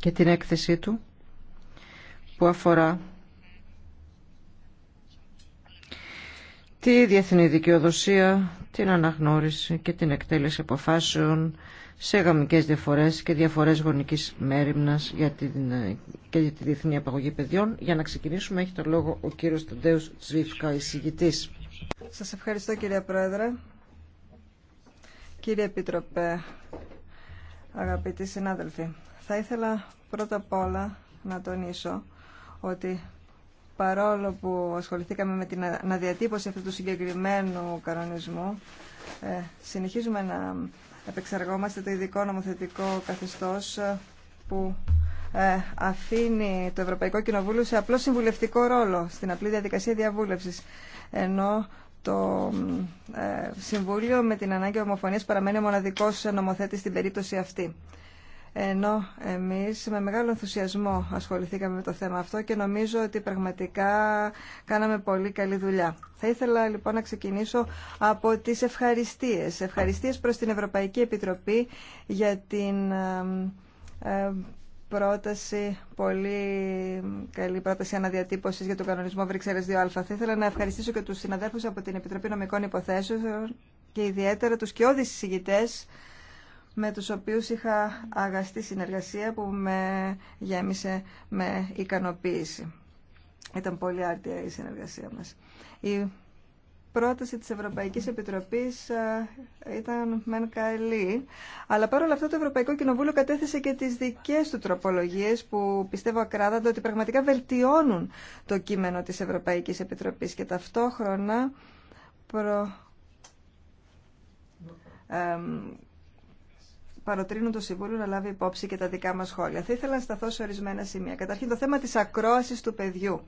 και την έκθεσή του που αφορά τη διεθνή δικαιοδοσία, την αναγνώριση και την εκτέλεση αποφάσεων σε γαμικές διαφορές και διαφορές γονικής μέρημνας για την, και για τη διεθνή απαγωγή παιδιών. Για να ξεκινήσουμε έχει το λόγο ο κύριος Τοντέους Τσβίφκα, εισηγητής. Σας ευχαριστώ κύριε Πρόεδρε. Κύριε Επίτροπε, αγαπητοί συνάδελφοι, θα ήθελα πρώτα απ' όλα να τονίσω ότι παρόλο που ασχοληθήκαμε με την αναδιατύπωση αυτού του συγκεκριμένου κανονισμού, ε, συνεχίζουμε να επεξεργόμαστε το ειδικό νομοθετικό καθεστώς ε, που ε, αφήνει το Ευρωπαϊκό Κοινοβούλιο σε απλό συμβουλευτικό ρόλο, στην απλή διαδικασία διαβούλευσης, ενώ το Συμβούλιο με την ανάγκη ομοφωνίας παραμένει ο μοναδικός νομοθέτης στην περίπτωση αυτή ενώ εμείς με μεγάλο ενθουσιασμό ασχοληθήκαμε με το θέμα αυτό και νομίζω ότι πραγματικά κάναμε πολύ καλή δουλειά. Θα ήθελα λοιπόν να ξεκινήσω από τις ευχαριστίες. Ευχαριστίες προς την Ευρωπαϊκή Επιτροπή για την πρόταση, πολύ καλή πρόταση αναδιατύπωσης για τον κανονισμό Βρυξέλλες 2α. Θα ήθελα να ευχαριστήσω και τους συναδέλφους από την Επιτροπή Νομικών Υποθέσεων και ιδιαίτερα τους όδης συζητητές με τους οποίους είχα αγαστή συνεργασία που με γέμισε με ικανοποίηση. Ήταν πολύ άρτια η συνεργασία μας. Η πρόταση της Ευρωπαϊκής Επιτροπής ε, ήταν μεν καλή, αλλά παρόλα αυτά το Ευρωπαϊκό Κοινοβούλιο κατέθεσε και τις δικές του τροπολογίες που πιστεύω ακράδαντα ότι πραγματικά βελτιώνουν το κείμενο της Ευρωπαϊκής Επιτροπής και ταυτόχρονα προ παροτρύνουν το Συμβούλιο να λάβει υπόψη και τα δικά μας σχόλια. Θα ήθελα να σταθώ σε ορισμένα σημεία. Καταρχήν το θέμα της ακρόασης του παιδιού.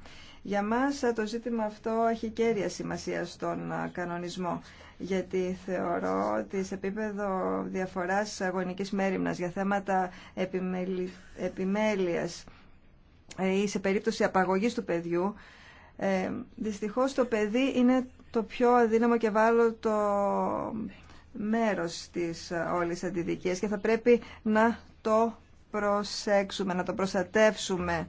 Για μας ε, το ζήτημα αυτό έχει κέρια σημασία στον ε, κανονισμό, γιατί θεωρώ ότι σε επίπεδο διαφοράς αγωνικής μέρημνα για θέματα επιμέλεια ε, ή σε περίπτωση απαγωγή του παιδιού, Δυστυχώ, το παιδί είναι το πιο αδύναμο και βάλω το μέρος της ε, όλης αντιδικίας και θα πρέπει να το προσέξουμε, να το προστατεύσουμε,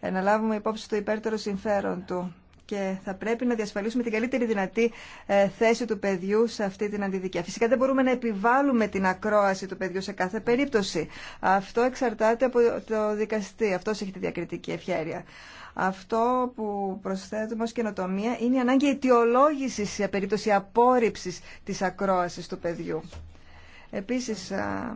ε, να λάβουμε υπόψη το υπέρτερο συμφέρον του και θα πρέπει να διασφαλίσουμε την καλύτερη δυνατή ε, θέση του παιδιού σε αυτή την αντιδικία. Φυσικά δεν μπορούμε να επιβάλλουμε την ακρόαση του παιδιού σε κάθε περίπτωση. Αυτό εξαρτάται από το δικαστή. Αυτός έχει τη διακριτική ευχαίρεια. Αυτό που προσθέτουμε ως καινοτομία είναι η ανάγκη αιτιολόγησης σε περίπτωση απόρριψης της ακρόασης του παιδιού. Επίσης, ε,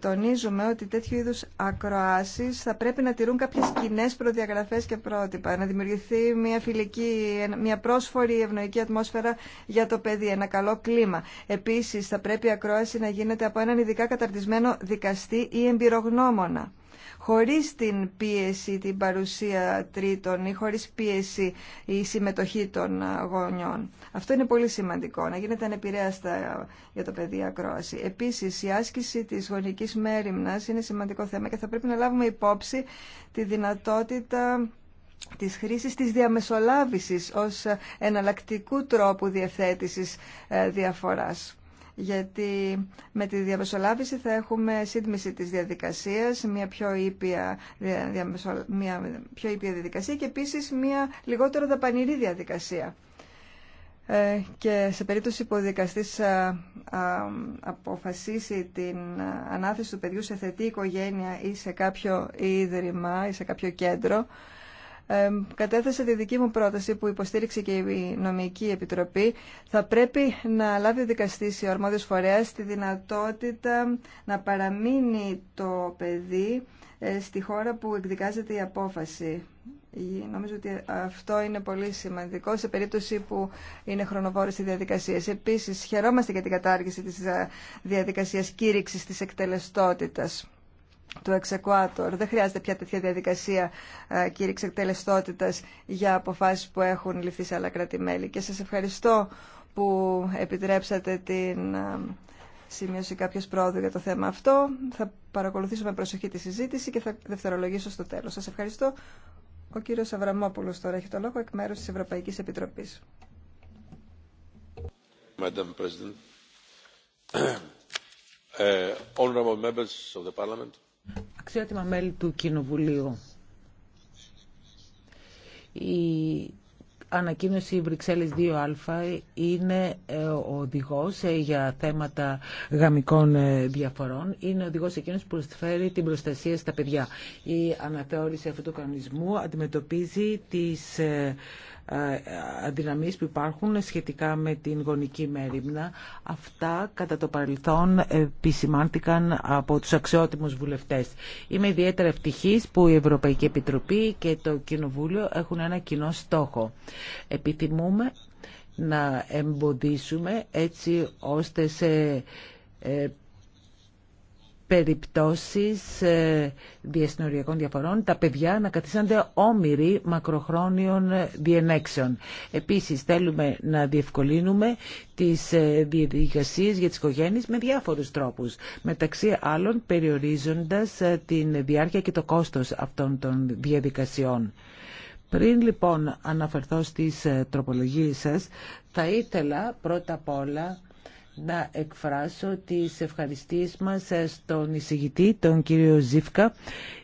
τονίζουμε ότι τέτοιου είδους ακροάσεις θα πρέπει να τηρούν κάποιες κοινέ προδιαγραφές και πρότυπα, να δημιουργηθεί μια φιλική, μια πρόσφορη ευνοϊκή ατμόσφαιρα για το παιδί, ένα καλό κλίμα. Επίσης θα πρέπει η ακρόαση να γίνεται από έναν ειδικά καταρτισμένο δικαστή ή εμπειρογνώμονα χωρίς την πίεση, την παρουσία τρίτων ή χωρίς πίεση η συμμετοχή των ε, γονιών. Αυτό είναι πολύ σημαντικό, να γίνεται ανεπηρέαστα για το παιδί ακρόαση. Επίσης, η άσκηση της γονικής μέρημνας είναι σημαντικό θέμα και θα πρέπει να λάβουμε υπόψη τη δυνατότητα της χρήσης της διαμεσολάβησης ως εναλλακτικού τρόπου διευθέτησης ε, διαφοράς γιατί με τη διαμεσολάβηση θα έχουμε σύντμηση της διαδικασίας, μια πιο ήπια, μια πιο ήπια διαδικασία και επίσης μια λιγότερο δαπανηρή διαδικασία. Ε, και σε περίπτωση που ο δικαστής αποφασίσει την ανάθεση του παιδιού σε θετή οικογένεια ή σε κάποιο ίδρυμα ή σε κάποιο κέντρο, κατέθεσα τη δική μου πρόταση που υποστήριξε και η νομική επιτροπή. Θα πρέπει να λάβει ο δικαστής ο αρμόδιος φορέας τη δυνατότητα να παραμείνει το παιδί ε, στη χώρα που εκδικάζεται η απόφαση. Νομίζω ότι αυτό είναι πολύ σημαντικό σε περίπτωση που είναι χρονοβόρε οι διαδικασίε. Επίση, χαιρόμαστε για την κατάργηση τη ε, διαδικασία κήρυξη τη εκτελεστότητα του εξεκουάτορ. Δεν χρειάζεται πια τέτοια διαδικασία ε, κήρυξη εκτελεστότητα για αποφάσει που έχουν ληφθεί σε άλλα κράτη-μέλη. Και σα ευχαριστώ που επιτρέψατε την ε, σημείωση κάποιο πρόοδου για το θέμα αυτό. Θα παρακολουθήσω με προσοχή τη συζήτηση και θα δευτερολογήσω στο τέλο. Σα ευχαριστώ. Ο κύριο Αβραμόπουλο τώρα έχει το λόγο εκ μέρου τη Ευρωπαϊκή Επιτροπή. Uh, honorable members of the Parliament, αξιότιμα μέλη του Κοινοβουλίου. Η ανακοίνωση Βρυξέλλες 2α είναι ε, ο οδηγός ε, για θέματα γαμικών ε, διαφορών. Είναι ο οδηγός εκείνος που προσφέρει την προστασία στα παιδιά. Η αναθεώρηση αυτού του κανονισμού αντιμετωπίζει τις ε, αδυναμίες που υπάρχουν σχετικά με την γονική μέρημνα. Αυτά κατά το παρελθόν επισημάνθηκαν από τους αξιότιμους βουλευτές. Είμαι ιδιαίτερα ευτυχής που η Ευρωπαϊκή Επιτροπή και το Κοινοβούλιο έχουν ένα κοινό στόχο. Επιθυμούμε να εμποδίσουμε έτσι ώστε σε ε, περιπτώσεις ε, διασυνοριακών διαφορών τα παιδιά να καθίσανται όμοιροι μακροχρόνιων διενέξεων. Επίσης θέλουμε να διευκολύνουμε τις ε, διαδικασίες για τις οικογένειες με διάφορους τρόπους. Μεταξύ άλλων περιορίζοντας ε, την διάρκεια και το κόστος αυτών των διαδικασιών. Πριν λοιπόν αναφερθώ στις τροπολογίες σας, θα ήθελα πρώτα απ' όλα να εκφράσω τις ευχαριστίες μας ε, στον εισηγητή, τον κύριο Ζήφκα,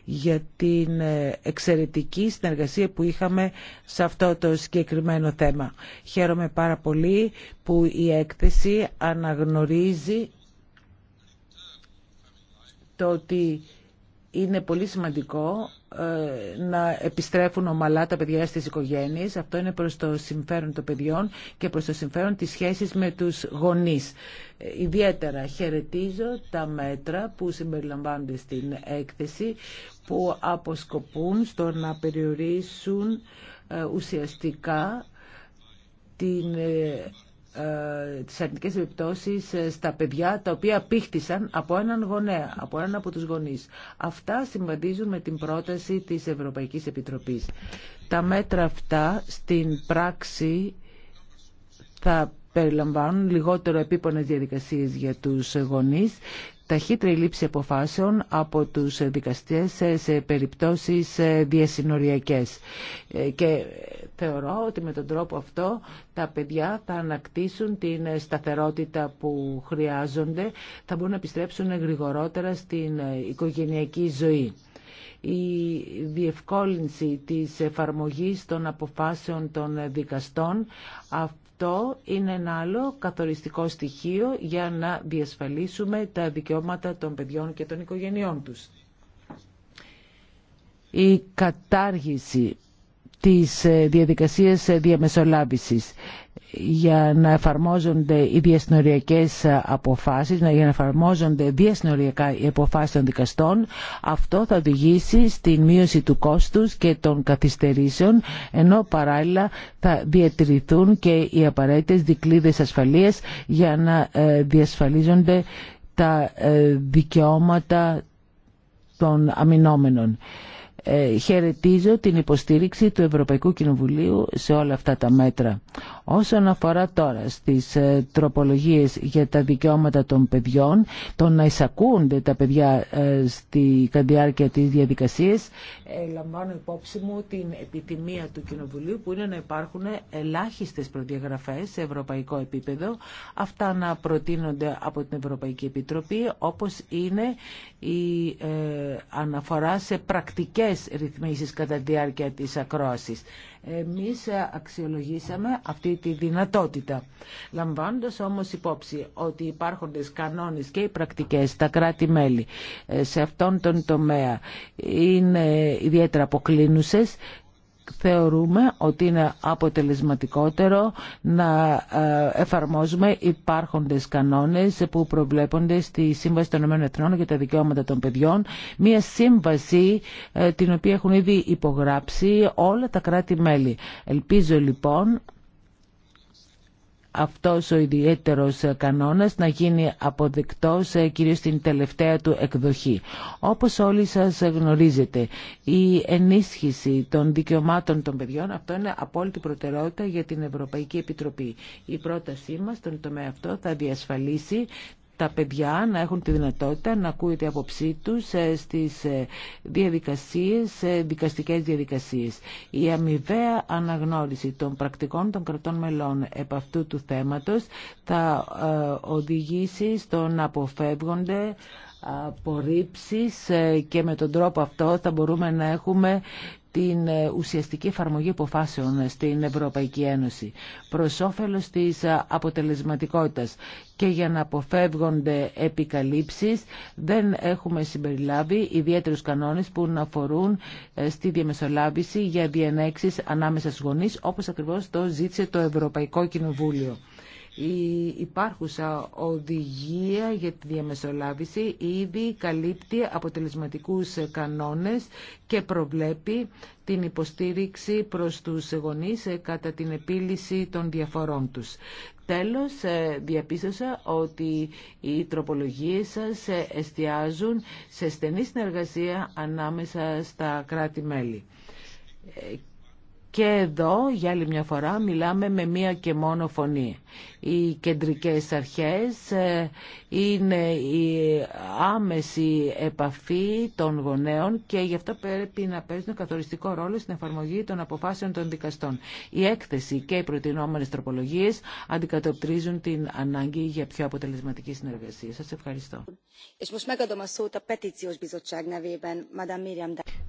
για την ε, εξαιρετική συνεργασία που είχαμε σε αυτό το συγκεκριμένο θέμα. Χαίρομαι πάρα πολύ που η έκθεση αναγνωρίζει το ότι είναι πολύ σημαντικό ε, να επιστρέφουν ομαλά τα παιδιά στις οικογένειες. Αυτό είναι προς το συμφέρον των παιδιών και προς το συμφέρον της σχέσης με τους γονείς. Ε, ιδιαίτερα χαιρετίζω τα μέτρα που συμπεριλαμβάνονται στην έκθεση που αποσκοπούν στο να περιορίσουν ε, ουσιαστικά την ε, τις αρνητικές επιπτώσεις ε, στα παιδιά τα οποία πήχτησαν από έναν γονέα, από έναν από τους γονείς. Αυτά συμβαδίζουν με την πρόταση της Ευρωπαϊκής Επιτροπής. Τα μέτρα αυτά στην πράξη θα περιλαμβάνουν λιγότερο επίπονες διαδικασίες για τους γονείς ταχύτερη λήψη αποφάσεων από τους δικαστές σε περιπτώσεις ε, διασυνοριακές. Ε, και θεωρώ ότι με τον τρόπο αυτό τα παιδιά θα ανακτήσουν την σταθερότητα που χρειάζονται, θα μπορούν να επιστρέψουν γρηγορότερα στην ε, οικογενειακή ζωή η διευκόλυνση της εφαρμογής των αποφάσεων των δικαστών αυτό είναι ένα άλλο καθοριστικό στοιχείο για να διασφαλίσουμε τα δικαιώματα των παιδιών και των οικογενειών τους. Η κατάργηση τις ε, διαδικασίες ε, διαμεσολάβησης για να εφαρμόζονται οι διασυνοριακές ε, αποφάσεις, για να εφαρμόζονται διασυνοριακά οι αποφάσεις των δικαστών. Αυτό θα οδηγήσει στην μείωση του κόστους και των καθυστερήσεων, ενώ παράλληλα θα διατηρηθούν και οι απαραίτητες δικλείδες ασφαλείας για να διασφαλίζονται τα δικαιώματα των αμυνόμενων. Ε, χαιρετίζω την υποστήριξη του Ευρωπαϊκού Κοινοβουλίου σε όλα αυτά τα μέτρα. Όσον αφορά τώρα στις ε, τροπολογίες για τα δικαιώματα των παιδιών, το να εισακούνται τα παιδιά ε, στη διάρκεια της διαδικασίας, ε, λαμβάνω υπόψη μου την επιθυμία του Κοινοβουλίου που είναι να υπάρχουν ελάχιστες προδιαγραφές σε ευρωπαϊκό επίπεδο, αυτά να προτείνονται από την Ευρωπαϊκή Επιτροπή, όπως είναι η αναφορά σε πρακτικές ρυθμίσεις κατά τη διάρκεια της ακρόαση. Εμείς αξιολογήσαμε αυτή τη δυνατότητα. Λαμβάνοντας όμως υπόψη ότι υπάρχοντες κανόνες και οι πρακτικές στα κράτη-μέλη ε, σε αυτόν τον τομέα είναι ιδιαίτερα αποκλίνουσες, θεωρούμε ότι είναι αποτελεσματικότερο να ε, εφαρμόζουμε υπάρχοντες κανόνες που προβλέπονται στη Σύμβαση των Ηνωμένων Εθνών για τα Δικαιώματα των Παιδιών, μια σύμβαση ε, την οποία έχουν ήδη υπογράψει όλα τα κράτη-μέλη. Ελπίζω λοιπόν αυτός ο ιδιαίτερος κανόνας να γίνει αποδεκτός ε, κυρίως στην τελευταία του εκδοχή. Όπως όλοι σας γνωρίζετε, η ενίσχυση των δικαιωμάτων των παιδιών αυτό είναι απόλυτη προτεραιότητα για την Ευρωπαϊκή Επιτροπή. Η πρότασή μας στον τομέα αυτό θα διασφαλίσει τα παιδιά να έχουν τη δυνατότητα να ακούει την άποψή τους ε, στι ε, διαδικασίε, δικαστικές διαδικασίε. Η αμοιβαία αναγνώριση των πρακτικών των κρατών μελών επ' αυτού του θέματος θα ε, οδηγήσει στο να αποφεύγονται απορρίψεις και με τον τρόπο αυτό θα μπορούμε να έχουμε την ε, ουσιαστική εφαρμογή αποφάσεων στην Ευρωπαϊκή Ένωση προς όφελος της ε, αποτελεσματικότητας και για να αποφεύγονται επικαλύψεις δεν έχουμε συμπεριλάβει ιδιαίτερους κανόνες που να αφορούν ε, στη διαμεσολάβηση για διενέξεις ανάμεσα στους γονείς όπως ακριβώς το ζήτησε το Ευρωπαϊκό Κοινοβούλιο. Η υπάρχουσα οδηγία για τη διαμεσολάβηση ήδη καλύπτει αποτελεσματικούς κανόνες και προβλέπει την υποστήριξη προς τους γονείς κατά την επίλυση των διαφορών τους. Τέλος, ε, διαπίστωσα ότι οι τροπολογίες σας εστιάζουν σε στενή συνεργασία ανάμεσα στα κράτη-μέλη. Ε, και εδώ, για άλλη μια φορά, μιλάμε με μία και μόνο φωνή. Οι κεντρικές αρχές ε, είναι η άμεση επαφή των γονέων και γι' αυτό πρέπει να παίζουν καθοριστικό ρόλο στην εφαρμογή των αποφάσεων των δικαστών. Η έκθεση και οι προτινόμενες τροπολογίες αντικατοπτρίζουν την ανάγκη για πιο αποτελεσματική συνεργασία. Σας ευχαριστώ.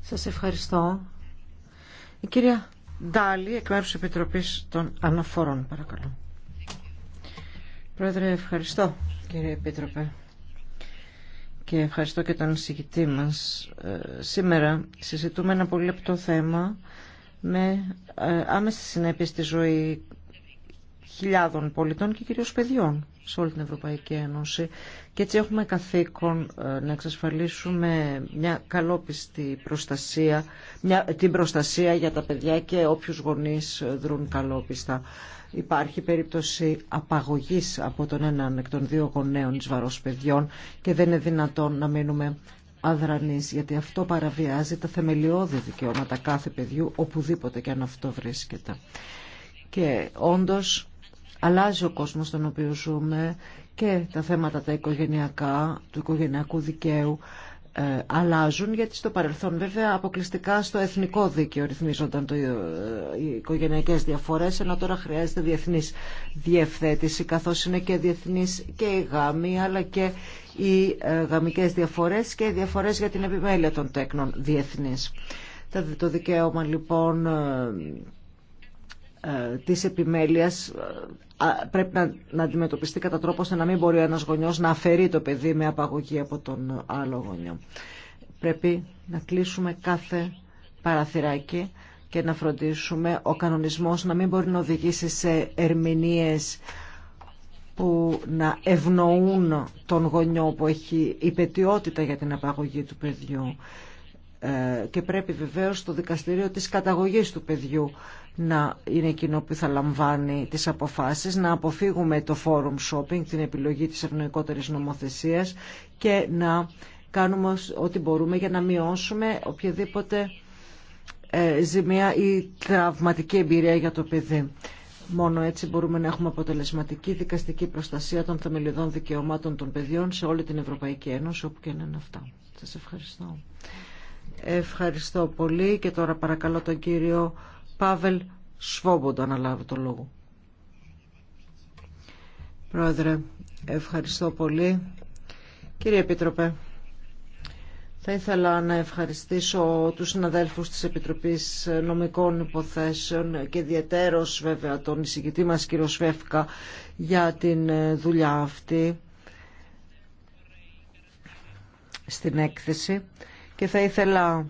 Σας ευχαριστώ. Η κυρία Ντάλι, εκ μέρου των Αναφορών, παρακαλώ. Πρόεδρε, ευχαριστώ κύριε Επίτροπε και ευχαριστώ και τον συγκητή μας. Ε, σήμερα συζητούμε ένα πολύ λεπτό θέμα με ε, άμεση συνέπειες στη ζωή χιλιάδων πολιτών και κυρίως παιδιών σε όλη την Ευρωπαϊκή Ένωση και έτσι έχουμε καθήκον ε, να εξασφαλίσουμε μια καλόπιστη προστασία, μια, την προστασία για τα παιδιά και όποιους γονείς ε, δρούν καλόπιστα. Υπάρχει περίπτωση απαγωγής από τον έναν εκ των δύο γονέων της βαρός παιδιών και δεν είναι δυνατόν να μείνουμε αδρανείς, γιατί αυτό παραβιάζει τα θεμελιώδη δικαιώματα κάθε παιδιού, οπουδήποτε και αν αυτό βρίσκεται. Και όντως αλλάζει ο κόσμος στον οποίο ζούμε και τα θέματα τα οικογενειακά, του οικογενειακού δικαίου ε, αλλάζουν γιατί στο παρελθόν βέβαια αποκλειστικά στο εθνικό δίκαιο ρυθμίζονταν το, ε, οι οικογενειακές διαφορές ενώ τώρα χρειάζεται διεθνής διευθέτηση καθώς είναι και διεθνής και η γάμη αλλά και οι ε, γαμικές διαφορές και οι διαφορές για την επιμέλεια των τέκνων διεθνής. Το δικαίωμα λοιπόν ε, της επιμέλειας ε, πρέπει να, αντιμετωπιστεί κατά τρόπο ώστε να μην μπορεί ένας γονιός να αφαιρεί το παιδί με απαγωγή από τον άλλο γονιό. Πρέπει να κλείσουμε κάθε παραθυράκι και να φροντίσουμε ο κανονισμός να μην μπορεί να οδηγήσει σε ερμηνείες που να ευνοούν τον γονιό που έχει υπετιότητα για την απαγωγή του παιδιού. Ε, και πρέπει βεβαίως το δικαστηρίο της καταγωγής του παιδιού να είναι εκείνο που θα λαμβάνει τις αποφάσεις, να αποφύγουμε το forum shopping, την επιλογή της ευνοϊκότερης νομοθεσίας και να κάνουμε ό,τι μπορούμε για να μειώσουμε οποιαδήποτε ε, ζημία ή τραυματική εμπειρία για το παιδί. Μόνο έτσι μπορούμε να έχουμε αποτελεσματική δικαστική προστασία των θεμελιωδών δικαιωμάτων των παιδιών σε όλη την Ευρωπαϊκή Ένωση, όπου και να είναι αυτά. Σας ευχαριστώ. Ευχαριστώ πολύ και τώρα παρακαλώ τον κύριο Πάβελ Σβόμποντα να λάβει το λόγο. Πρόεδρε, ευχαριστώ πολύ. Κύριε Επίτροπε, θα ήθελα να ευχαριστήσω τους συναδέλφους της Επιτροπής Νομικών Υποθέσεων και ιδιαίτερος βέβαια τον εισηγητή μας κύριο Σβέφκα για την δουλειά αυτή στην έκθεση και θα ήθελα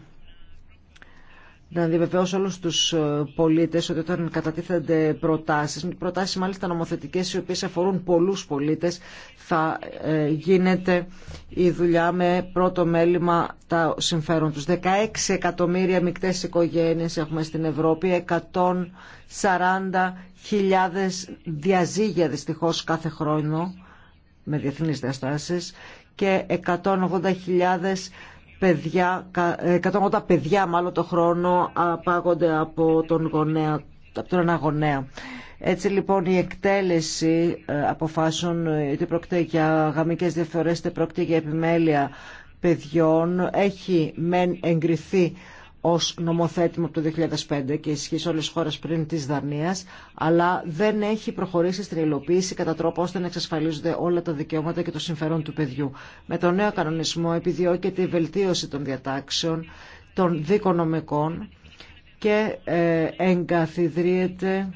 να διαβεβαιώσω όλου του ε, πολίτε ότι όταν κατατίθενται προτάσει, προτάσει μάλιστα νομοθετικέ οι οποίε αφορούν πολλού πολίτε, θα ε, γίνεται η δουλειά με πρώτο μέλημα τα συμφέρον του. 16 εκατομμύρια μεικτέ οικογένειε έχουμε στην Ευρώπη, 140.000 διαζύγια δυστυχώς κάθε χρόνο με διεθνεί διαστάσει και 180.000 παιδιά, 180 ε, παιδιά μάλλον το χρόνο απάγονται από τον, γονέα, από τον Έτσι λοιπόν η εκτέλεση ε, αποφάσεων, ε, είτε πρόκειται για γαμικές διαφορές, είτε πρόκειται για επιμέλεια παιδιών, έχει μεν εγκριθεί ως νομοθέτημα από το 2005 και ισχύει σε όλες τις χώρες πριν της Δανίας, αλλά δεν έχει προχωρήσει στην υλοποίηση κατά τρόπο ώστε να εξασφαλίζονται όλα τα δικαιώματα και το συμφέρον του παιδιού. Με τον νέο κανονισμό επιδιώκεται η βελτίωση των διατάξεων, των δικονομικών και ε, εγκαθιδρύεται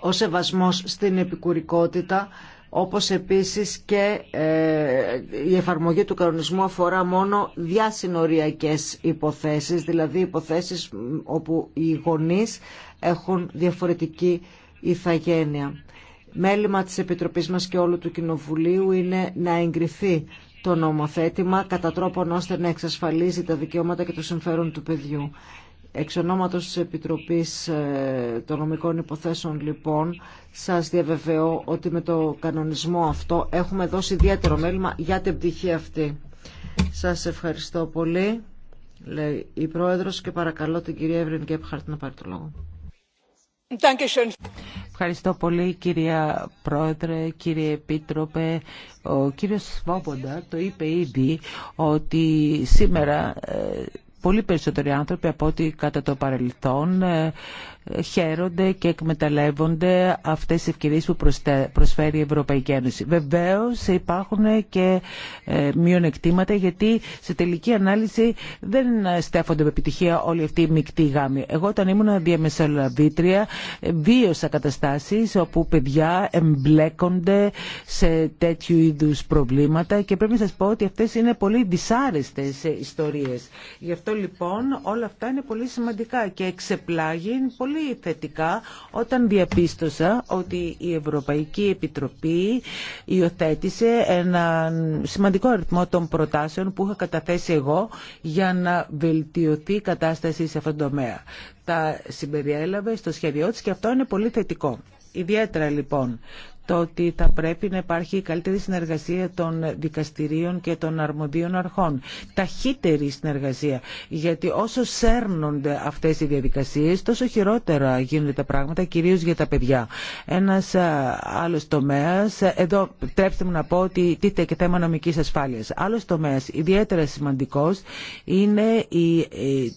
ο σεβασμός στην επικουρικότητα όπως επίσης και ε, η εφαρμογή του κανονισμού αφορά μόνο διασυνοριακές υποθέσεις, δηλαδή υποθέσεις όπου οι γονείς έχουν διαφορετική ηθαγένεια. Μέλημα της Επιτροπής μας και όλου του Κοινοβουλίου είναι να εγκριθεί το νομοθέτημα κατά τρόπον ώστε να εξασφαλίζει τα δικαιώματα και το συμφέρον του παιδιού. Εξ ονόματος της Επιτροπής ε, των Νομικών Υποθέσεων λοιπόν σας διαβεβαιώ ότι με το κανονισμό αυτό έχουμε δώσει ιδιαίτερο μέλημα για την πτυχή αυτή. Σας ευχαριστώ πολύ. Λέει η Πρόεδρος και παρακαλώ την κυρία Εύριν Γκέπχαρτ να πάρει το λόγο. Ευχαριστώ πολύ κυρία Πρόεδρε, κύριε Επίτροπε. Ο κύριος Σβόμποντα το είπε ήδη ότι σήμερα ε, πολύ περισσότεροι άνθρωποι από ό,τι κατά το παρελθόν ε, χαίρονται και εκμεταλλεύονται αυτές τις ευκαιρίες που προσφέρει η Ευρωπαϊκή Ένωση. Βεβαίως υπάρχουν και ε, μειονεκτήματα γιατί σε τελική ανάλυση δεν στέφονται με επιτυχία όλοι αυτοί οι μεικτοί γάμοι. Εγώ όταν ήμουν διαμεσολαβήτρια βίωσα καταστάσεις όπου παιδιά εμπλέκονται σε τέτοιου είδους προβλήματα και πρέπει να σας πω ότι αυτές είναι πολύ δυσάρεστες ιστορίες αυτό λοιπόν όλα αυτά είναι πολύ σημαντικά και εξεπλάγει πολύ θετικά όταν διαπίστωσα ότι η Ευρωπαϊκή Επιτροπή υιοθέτησε ένα σημαντικό αριθμό των προτάσεων που είχα καταθέσει εγώ για να βελτιωθεί η κατάσταση σε αυτόν τον τομέα. Τα συμπεριέλαβε στο σχέδιό της και αυτό είναι πολύ θετικό. Ιδιαίτερα λοιπόν το ότι θα πρέπει να υπάρχει καλύτερη συνεργασία των δικαστηρίων και των αρμοδίων αρχών. Ταχύτερη συνεργασία. Γιατί όσο σέρνονται αυτές οι διαδικασίες, τόσο χειρότερα γίνονται τα πράγματα, κυρίως για τα παιδιά. Ένας άλλος τομέας, εδώ τρέψτε μου να πω ότι τίθεται και θέμα νομικής ασφάλειας. Άλλος τομέας, ιδιαίτερα σημαντικός, είναι η,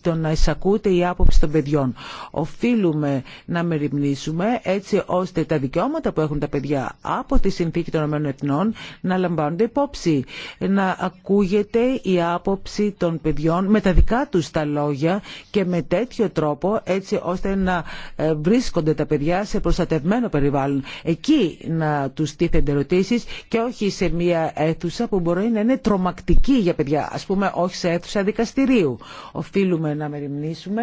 το να εισακούται η άποψη των παιδιών. Οφείλουμε να μεριμνήσουμε έτσι ώστε τα δικαιώματα που έχουν τα παιδιά από τη Συνθήκη των Εθνών να λαμβάνονται υπόψη, να ακούγεται η άποψη των παιδιών με τα δικά του τα λόγια και με τέτοιο τρόπο έτσι ώστε να ε, βρίσκονται τα παιδιά σε προστατευμένο περιβάλλον. Εκεί να τους τίθενται ερωτήσει και όχι σε μια αίθουσα που μπορεί να είναι τρομακτική για παιδιά, ας πούμε όχι σε αίθουσα δικαστηρίου. Οφείλουμε να μεριμνήσουμε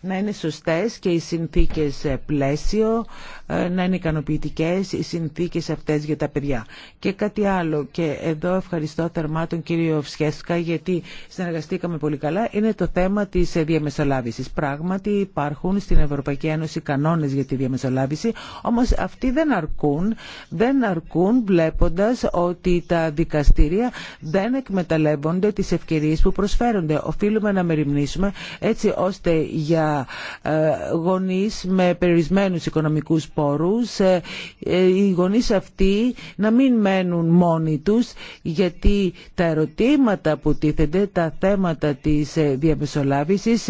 να είναι σωστές και οι συνθήκες ε, πλαίσιο, ε, να είναι ικανοποιητικέ οι συνθήκες αυτές για τα παιδιά. Και κάτι άλλο, και εδώ ευχαριστώ θερμά τον κύριο Φσχέσκα γιατί συνεργαστήκαμε πολύ καλά, είναι το θέμα της ε, διαμεσολάβησης. Πράγματι υπάρχουν στην Ευρωπαϊκή Ένωση κανόνες για τη διαμεσολάβηση, όμως αυτοί δεν αρκούν, δεν αρκούν βλέποντας ότι τα δικαστήρια δεν εκμεταλλεύονται τις ευκαιρίες που προσφέρονται. Οφείλουμε να μεριμνήσουμε έτσι ώστε για ε, γονείς με περιορισμένους οικονομικούς πόρους ε, οι γονείς αυτοί να μην μένουν μόνοι τους γιατί τα ερωτήματα που τίθενται, τα θέματα της ε, διαμεσολάβησης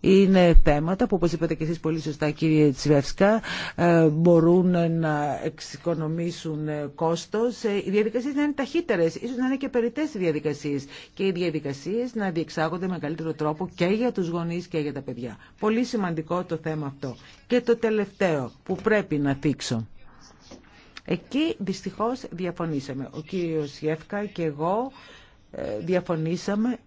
είναι θέματα που όπως είπατε και εσείς πολύ σωστά κύριε Τσβεύσκα μπορούν να εξοικονομήσουν κόστος. Οι διαδικασίες να είναι ταχύτερες, ίσως να είναι και περιττές οι διαδικασίες και οι διαδικασίες να διεξάγονται με καλύτερο τρόπο και για τους γονείς και για τα παιδιά. Πολύ σημαντικό το θέμα αυτό. Και το τελευταίο που πρέπει να δείξω. Εκεί δυστυχώς διαφωνήσαμε. Ο κύριος Γεύκα και εγώ ε, διαφωνήσαμε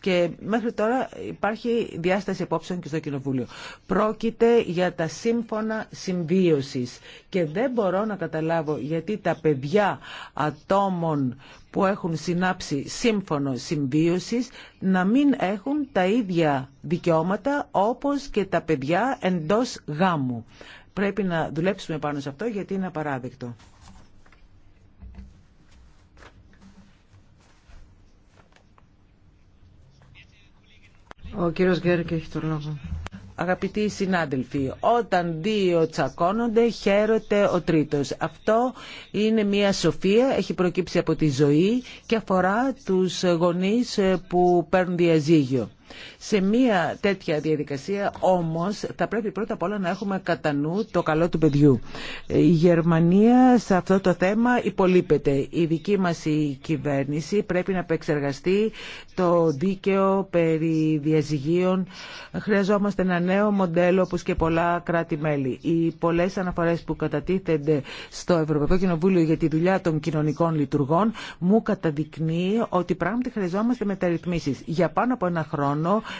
και μέχρι τώρα υπάρχει διάσταση απόψεων και στο Κοινοβούλιο. Πρόκειται για τα σύμφωνα συμβίωσης και δεν μπορώ να καταλάβω γιατί τα παιδιά ατόμων που έχουν συνάψει σύμφωνο συμβίωσης να μην έχουν τα ίδια δικαιώματα όπως και τα παιδιά εντός γάμου. Πρέπει να δουλέψουμε πάνω σε αυτό γιατί είναι απαράδεκτο. Ο κύριος Γκέρκ έχει το λόγο. Αγαπητοί συνάδελφοι, όταν δύο τσακώνονται χαίρεται ο τρίτος. Αυτό είναι μια σοφία, έχει προκύψει από τη ζωή και αφορά τους γονείς που παίρνουν διαζύγιο. Σε μια τέτοια διαδικασία όμως θα πρέπει πρώτα απ' όλα να έχουμε κατά νου το καλό του παιδιού. Η Γερμανία σε αυτό το θέμα υπολείπεται. Η δική μας η κυβέρνηση πρέπει να επεξεργαστεί το δίκαιο περί διαζυγίων. Χρειαζόμαστε ένα νέο μοντέλο όπως και πολλά κράτη-μέλη. Οι πολλές αναφορές που κατατίθενται στο Ευρωπαϊκό Κοινοβούλιο για τη δουλειά των κοινωνικών λειτουργών μου καταδεικνύει ότι πράγματι χρειαζόμαστε μεταρρυθμίσεις. Για πάνω από ένα χρόνο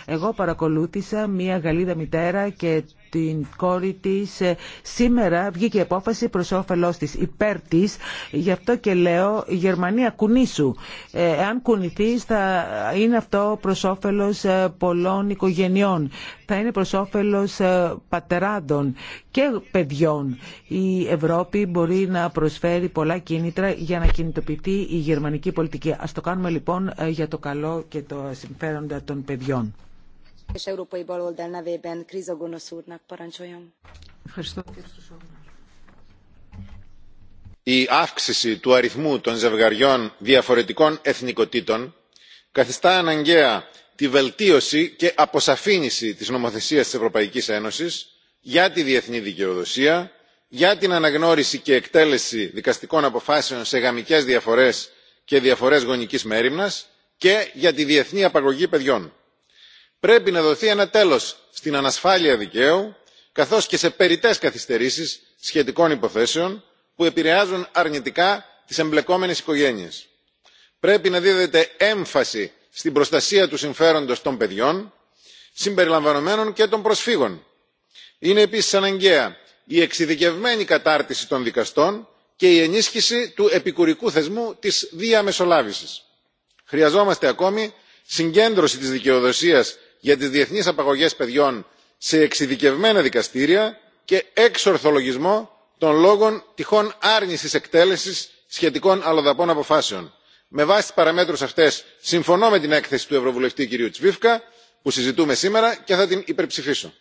εγώ παρακολούθησα μία Γαλλίδα μητέρα και την κόρη της. Ε, σήμερα βγήκε η απόφαση προ όφελο της, υπέρ της. Γι' αυτό και λέω, η Γερμανία κουνήσου. Ε, εάν κουνηθεί, θα είναι αυτό προ όφελο ε, πολλών οικογενειών. Θα είναι προ όφελο πατεράντων και παιδιών. Η Ευρώπη μπορεί να προσφέρει πολλά κίνητρα για να κινητοποιηθεί η γερμανική πολιτική. Ας το κάνουμε λοιπόν για το καλό και το συμφέροντα των παιδιών. Η αύξηση του αριθμού των ζευγαριών διαφορετικών εθνικοτήτων καθιστά αναγκαία τη βελτίωση και αποσαφήνιση της νομοθεσίας της Ευρωπαϊκής Ένωσης για τη διεθνή δικαιοδοσία, για την αναγνώριση και εκτέλεση δικαστικών αποφάσεων σε γαμικές διαφορές και διαφορές γονικής μέρημνας και για τη διεθνή απαγωγή παιδιών πρέπει να δοθεί ένα τέλος στην ανασφάλεια δικαίου καθώς και σε περιττές καθυστερήσεις σχετικών υποθέσεων που επηρεάζουν αρνητικά τις εμπλεκόμενες οικογένειες. πρέπει να δίδεται έμφαση στην προστασία του συμφέροντος των παιδιών συμπεριλαμβανομένων και των προσφύγων. είναι επίσης αναγκαία η εξειδικευμένη κατάρτιση των δικαστών και η ενίσχυση του επικουρικού θεσμού της διαμεσολάβησης. χρειαζόμαστε ακόμη συγκέντρωση της δικαιοδοσίας για τις διεθνείς απαγωγές παιδιών σε εξειδικευμένα δικαστήρια και εξορθολογισμό των λόγων τυχόν άρνησης εκτέλεσης σχετικών αλλοδαπών αποφάσεων. με βάση τις παραμέτρους αυτές συμφωνώ με την έκθεση του ευρωβουλευτή κ. τσβίφκα που συζητούμε σήμερα και θα την υπερψηφίσω.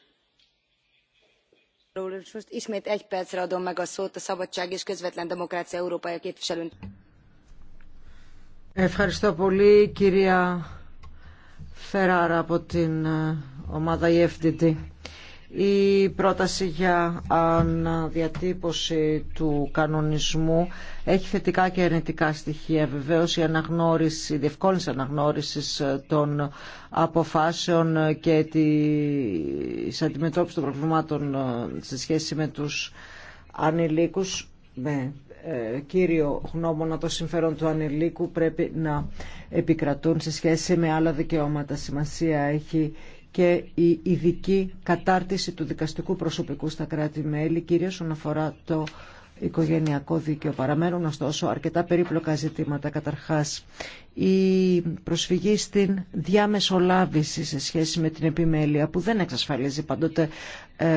Ευχαριστώ πολύ κυρία Φεράρα από την ε, ομάδα EFDD. Η πρόταση για αναδιατύπωση του κανονισμού έχει θετικά και αρνητικά στοιχεία. βεβαίω, η αναγνώριση, η διευκόλυνση αναγνώριση ε, των αποφάσεων και τη αντιμετώπιση των προβλημάτων ε, σε σχέση με τους ανήλικου. με ε, κύριο γνώμονα το συμφέρον του ανηλίκου πρέπει να επικρατούν σε σχέση με άλλα δικαιώματα. Σημασία έχει και η ειδική κατάρτιση του δικαστικού προσωπικού στα κράτη-μέλη, κυρίω όσον αφορά το οικογενειακό δίκαιο. Παραμένουν ωστόσο αρκετά περίπλοκα ζητήματα. Καταρχάς, η προσφυγή στην διαμεσολάβηση σε σχέση με την επιμέλεια που δεν εξασφαλίζει πάντοτε ε,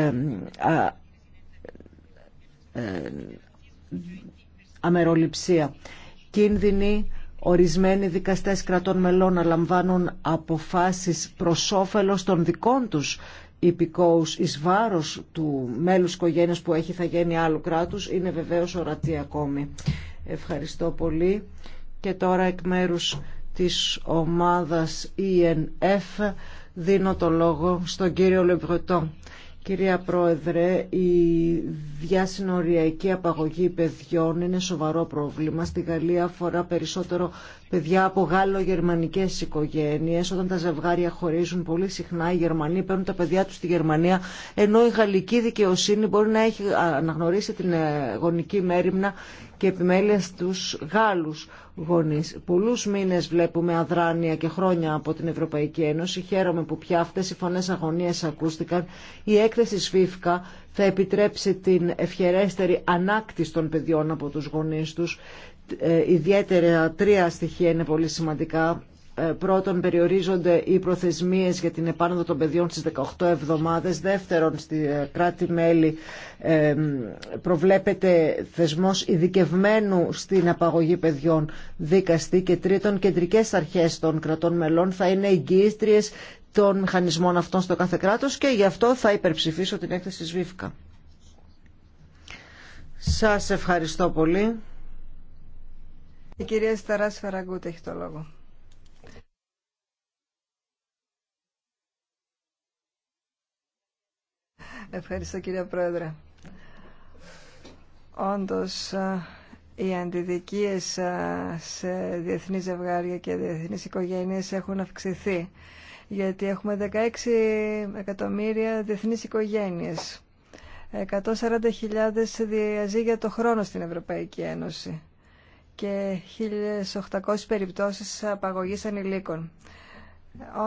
ε, αμεροληψία. Κίνδυνοι Ορισμένοι δικαστές κρατών μελών να λαμβάνουν αποφάσεις προς όφελος των δικών τους υπηκόους εις βάρος του μέλους οικογένεια που έχει θα γίνει άλλου κράτους είναι βεβαίως ορατή ακόμη. Ευχαριστώ πολύ. Και τώρα εκ μέρους της ομάδας ENF δίνω το λόγο στον κύριο Λεμπρετόν. Κυρία Πρόεδρε, η διασυνοριακή απαγωγή παιδιών είναι σοβαρό πρόβλημα. Στη Γαλλία αφορά περισσότερο παιδιά από γάλλο-γερμανικές οικογένειες. Όταν τα ζευγάρια χωρίζουν πολύ συχνά οι Γερμανοί παίρνουν τα παιδιά τους στη Γερμανία ενώ η γαλλική δικαιοσύνη μπορεί να έχει αναγνωρίσει την ε, γονική μέρημνα και επιμέλεια στους Γάλλους γονείς. Πολλούς μήνες βλέπουμε αδράνεια και χρόνια από την Ευρωπαϊκή Ένωση. Χαίρομαι που πια αυτές οι φωνές αγωνίες ακούστηκαν. Η έκθεση ΣΦΙΦΚΑ θα επιτρέψει την ευχερέστερη ανάκτηση των παιδιών από τους γονείς τους, ε, ιδιαίτερα τρία στοιχεία είναι πολύ σημαντικά. Ε, πρώτον, περιορίζονται οι προθεσμίες για την επάνωδο των παιδιών στις 18 εβδομάδες. Δεύτερον, στη ε, κράτη-μέλη προβλέπεται θεσμός ειδικευμένου στην απαγωγή παιδιών δίκαστη. Και τρίτον, κεντρικές αρχές των κρατών μελών θα είναι εγγύηστριες των μηχανισμών αυτών στο κάθε κράτος και γι' αυτό θα υπερψηφίσω την έκθεση ΣΒΙΦΚΑ. Σας ευχαριστώ πολύ. Η κυρία Σταρά Φαραγκούτ έχει το λόγο. Ευχαριστώ κυρία Πρόεδρε. Όντως οι αντιδικίες σε διεθνείς ζευγάρια και διεθνείς οικογένειες έχουν αυξηθεί γιατί έχουμε 16 εκατομμύρια διεθνείς οικογένειες 140.000 διαζύγια το χρόνο στην Ευρωπαϊκή Ένωση και 1.800 περιπτώσεις απαγωγής ανηλίκων.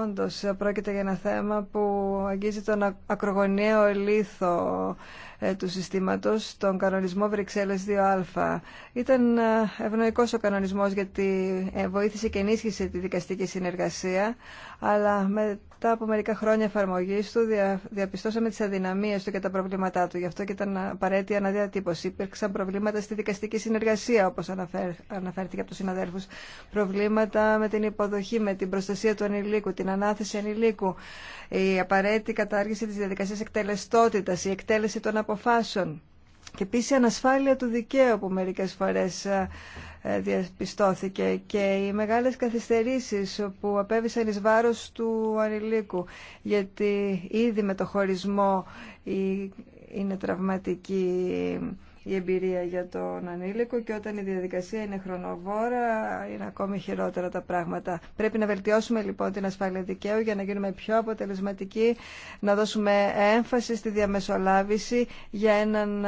Όντως, πρόκειται για ένα θέμα που αγγίζει τον ακρογωνιαίο λίθο ε, του συστήματος, τον κανονισμό Βρυξέλλες 2α. Ήταν ε, ευνοϊκός ο κανονισμός γιατί ε, βοήθησε και ενίσχυσε τη δικαστική συνεργασία, αλλά μετά από μερικά χρόνια εφαρμογή του διαπιστώσαμε τις αδυναμίες του και τα προβλήματά του. Γι' αυτό και ήταν απαραίτητη αναδιατύπωση. Υπήρξαν προβλήματα στη δικαστική συνεργασία, όπως αναφέρθηκε από τους συναδέλφους. Προβλήματα με την υποδοχή, με την προστασία του ανηλίκου, την ανάθεση ανηλίκου, η απαραίτητη κατάργηση της διαδικασίας εκτελεστότητας, η εκτέλεση των αποφάσεων. Και επίση η ανασφάλεια του δικαίου που μερικές φορές ε, ε, διαπιστώθηκε και οι μεγάλες καθυστερήσεις που απέβησαν εις βάρος του ανηλίκου γιατί ήδη με το χωρισμό είναι τραυματική η εμπειρία για τον ανήλικο και όταν η διαδικασία είναι χρονοβόρα είναι ακόμη χειρότερα τα πράγματα. Πρέπει να βελτιώσουμε λοιπόν την ασφάλεια δικαίου για να γίνουμε πιο αποτελεσματικοί, να δώσουμε έμφαση στη διαμεσολάβηση για έναν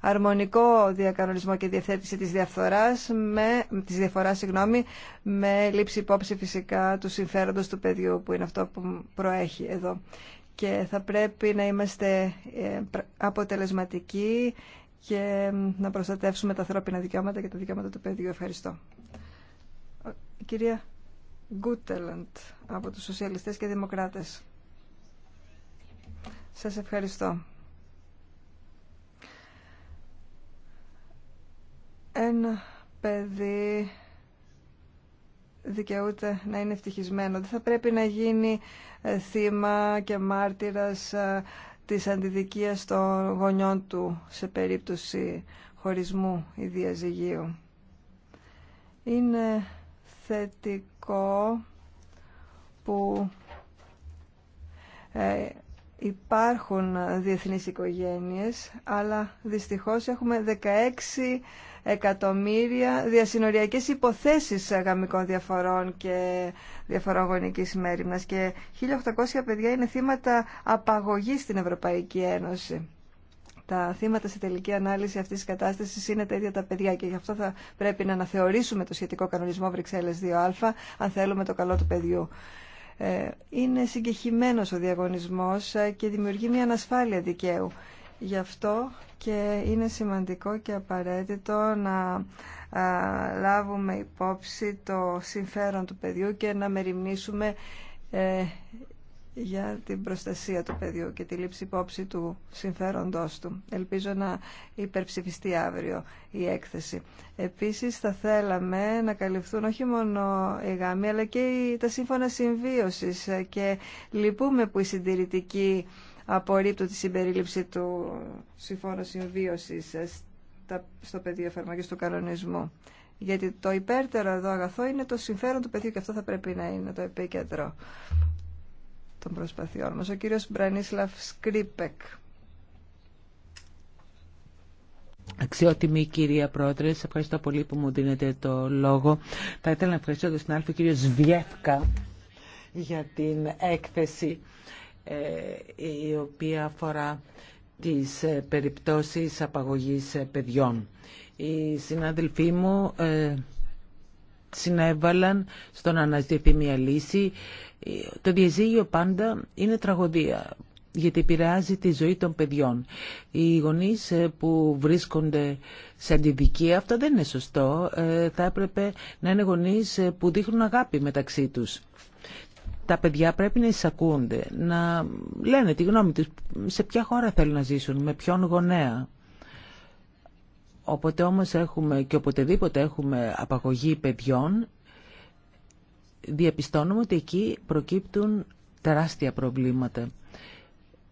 αρμονικό διακανονισμό και διευθέτηση της διαφθοράς με, της διαφοράς συγγνώμη, με λήψη υπόψη φυσικά του συμφέροντος του παιδιού που είναι αυτό που προέχει εδώ. Και θα πρέπει να είμαστε ε, αποτελεσματικοί και να προστατεύσουμε τα ανθρώπινα δικαιώματα και τα δικαιώματα του παιδιού. Ευχαριστώ. κυρία Γκούτελαντ από τους Σοσιαλιστές και Δημοκράτες. Σας ευχαριστώ. Ένα παιδί δικαιούται να είναι ευτυχισμένο. Δεν θα πρέπει να γίνει ε, θύμα και μάρτυρας ε, της αντιδικίας των γονιών του σε περίπτωση χωρισμού ή διαζυγίου. Είναι θετικό που ε, Υπάρχουν διεθνείς οικογένειες, αλλά δυστυχώς έχουμε 16 εκατομμύρια διασυνοριακές υποθέσεις γαμικών διαφορών και διαφορών γονικής μέρημνας και 1.800 παιδιά είναι θύματα απαγωγής στην Ευρωπαϊκή Ένωση. Τα θύματα σε τελική ανάλυση αυτής της κατάστασης είναι τα ίδια τα παιδιά και γι' αυτό θα πρέπει να αναθεωρήσουμε το σχετικό κανονισμό Βρυξέλλες 2α αν θέλουμε το καλό του παιδιού είναι συγκεχημένος ο διαγωνισμός και δημιουργεί μια ανασφάλεια δικαίου. Γι' αυτό και είναι σημαντικό και απαραίτητο να λάβουμε υπόψη το συμφέρον του παιδιού και να μεριμνήσουμε ε, για την προστασία του παιδιού και τη λήψη υπόψη του συμφέροντός του. Ελπίζω να υπερψηφιστεί αύριο η έκθεση. Επίσης θα θέλαμε να καλυφθούν όχι μόνο οι γάμοι αλλά και τα σύμφωνα συμβίωσης και λυπούμε που η συντηρητική απορρίπτω τη συμπερίληψη του συμφώνου συμβίωσης στο πεδίο εφαρμογής του κανονισμού. Γιατί το υπέρτερο εδώ αγαθό είναι το συμφέρον του παιδιού και αυτό θα πρέπει να είναι το επίκεντρο των προσπαθειών μας. Ο κύριος Μπρανίσλαφ Σκρίπεκ. Αξιότιμη κυρία Πρόεδρε, σε ευχαριστώ πολύ που μου δίνετε το λόγο. Θα ήθελα να ευχαριστώ τον συνάδελφο κύριο Σβιέφκα για την έκθεση ε, η οποία αφορά τις ε, περιπτώσεις απαγωγής ε, παιδιών. Οι συνάδελφοί μου συνέβαλαν στο να αναζητηθεί μια λύση. Το διαζύγιο πάντα είναι τραγωδία γιατί επηρεάζει τη ζωή των παιδιών. Οι γονείς ε, που βρίσκονται σε αντιδικία, αυτό δεν είναι σωστό. Ε, θα έπρεπε να είναι γονείς ε, που δείχνουν αγάπη μεταξύ τους. Τα παιδιά πρέπει να εισακούνται, να λένε τη γνώμη τους, σε ποια χώρα θέλουν να ζήσουν, με ποιον γονέα. Όποτε όμως έχουμε και οποτεδήποτε έχουμε απαγωγή παιδιών, διαπιστώνουμε ότι εκεί προκύπτουν τεράστια προβλήματα.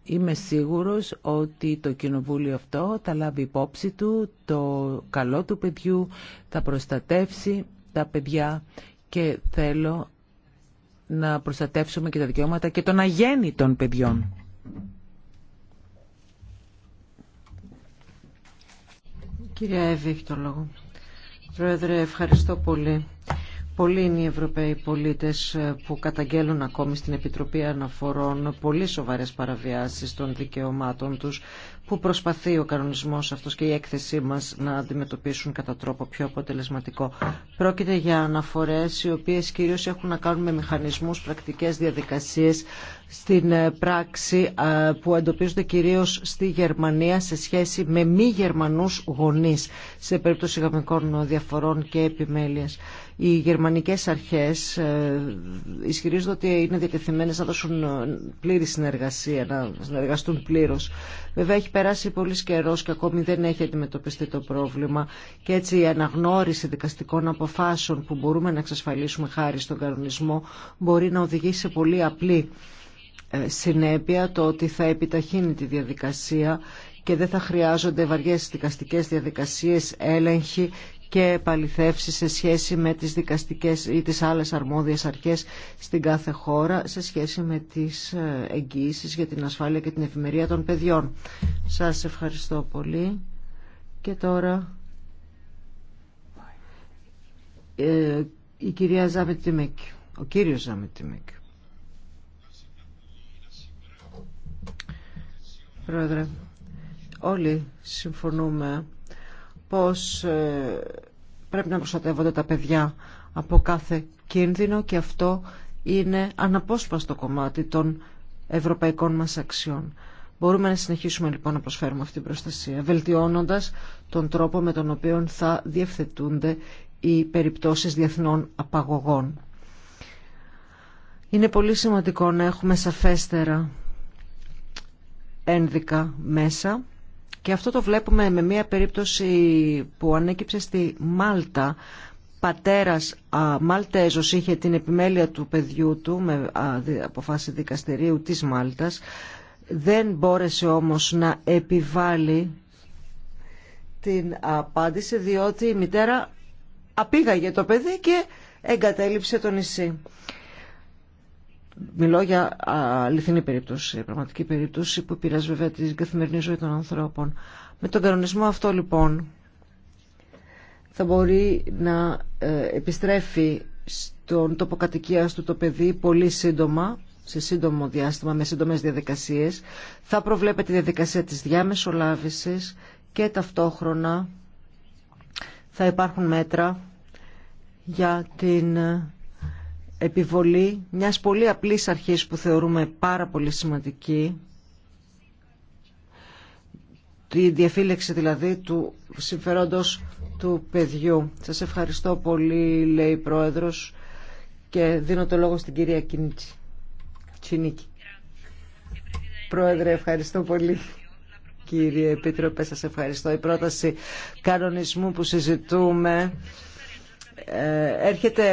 Είμαι σίγουρος ότι το κοινοβούλιο αυτό θα λάβει υπόψη του το καλό του παιδιού, θα προστατεύσει τα παιδιά και θέλω να προστατεύσουμε και τα δικαιώματα και των αγέννητων παιδιών. Κυρία Εύη, έχει το λόγο. Πρόεδρε, ευχαριστώ πολύ. Πολλοί είναι οι Ευρωπαίοι πολίτες ε, που καταγγέλουν ακόμη στην Επιτροπή Αναφορών πολύ σοβαρέ παραβιάσεις των δικαιωμάτων τους που προσπαθεί ο κανονισμός αυτός και η έκθεσή μας να αντιμετωπίσουν κατά τρόπο πιο αποτελεσματικό. Πρόκειται για αναφορές οι οποίες κυρίω έχουν να κάνουν με μηχανισμούς, πρακτικές διαδικασίες στην ε, πράξη ε, που εντοπίζονται κυρίως στη Γερμανία σε σχέση με μη Γερμανούς γονείς σε περίπτωση γαμικών διαφορών και επιμέλεια. Οι γερμανικές αρχές ε, ισχυρίζονται ότι είναι διατεθειμένες να δώσουν πλήρη συνεργασία, να συνεργαστούν πλήρως. Βέβαια έχει περάσει πολύ καιρό και ακόμη δεν έχει αντιμετωπιστεί το πρόβλημα και έτσι η αναγνώριση δικαστικών αποφάσεων που μπορούμε να εξασφαλίσουμε χάρη στον κανονισμό μπορεί να οδηγήσει σε πολύ απλή ε, συνέπεια το ότι θα επιταχύνει τη διαδικασία και δεν θα χρειάζονται βαριές δικαστικές διαδικασίες, έλεγχοι και επαληθεύσει σε σχέση με τις δικαστικές ή τις άλλες αρμόδιες αρχές στην κάθε χώρα σε σχέση με τις ε, εγγύησεις για την ασφάλεια και την ευημερία των παιδιών. Σας ευχαριστώ πολύ και τώρα ε, η κυρία Ζάμετ ο κύριος Ζάμετ Τιμέκη. Πρόεδρε, όλοι συμφωνούμε πως ε, πρέπει να προστατεύονται τα παιδιά από κάθε κίνδυνο και αυτό είναι αναπόσπαστο κομμάτι των ευρωπαϊκών μας αξιών. Μπορούμε να συνεχίσουμε λοιπόν να προσφέρουμε αυτή την προστασία, βελτιώνοντας τον τρόπο με τον οποίο θα διευθετούνται οι περιπτώσεις διεθνών απαγωγών. Είναι πολύ σημαντικό να έχουμε σαφέστερα ένδικα μέσα και αυτό το βλέπουμε με μια περίπτωση που ανέκυψε στη Μάλτα. Πατέρας α, Μαλτέζος είχε την επιμέλεια του παιδιού του με αποφάση δικαστηρίου της Μάλτας. Δεν μπόρεσε όμως να επιβάλλει την απάντηση διότι η μητέρα απήγαγε το παιδί και εγκατέλειψε το νησί. Μιλώ για αληθινή περίπτωση, πραγματική περίπτωση που πειράζει βέβαια την καθημερινή ζωή των ανθρώπων. Με τον κανονισμό αυτό λοιπόν θα μπορεί να ε, επιστρέφει στον τόπο κατοικία του το παιδί πολύ σύντομα, σε σύντομο διάστημα, με σύντομες διαδικασίες. Θα προβλέπεται η διαδικασία της διάμεσολάβησης και ταυτόχρονα θα υπάρχουν μέτρα για την επιβολή μιας πολύ απλής αρχής που θεωρούμε πάρα πολύ σημαντική, τη διαφύλεξη δηλαδή του συμφερόντος του παιδιού. Σας ευχαριστώ πολύ, λέει η Πρόεδρος, και δίνω το λόγο στην κυρία Κινίτσι. Πρόεδρε, ευχαριστώ πολύ. Κύριε Επίτροπε, σας ευχαριστώ. Η πρόταση κανονισμού που συζητούμε ε, έρχεται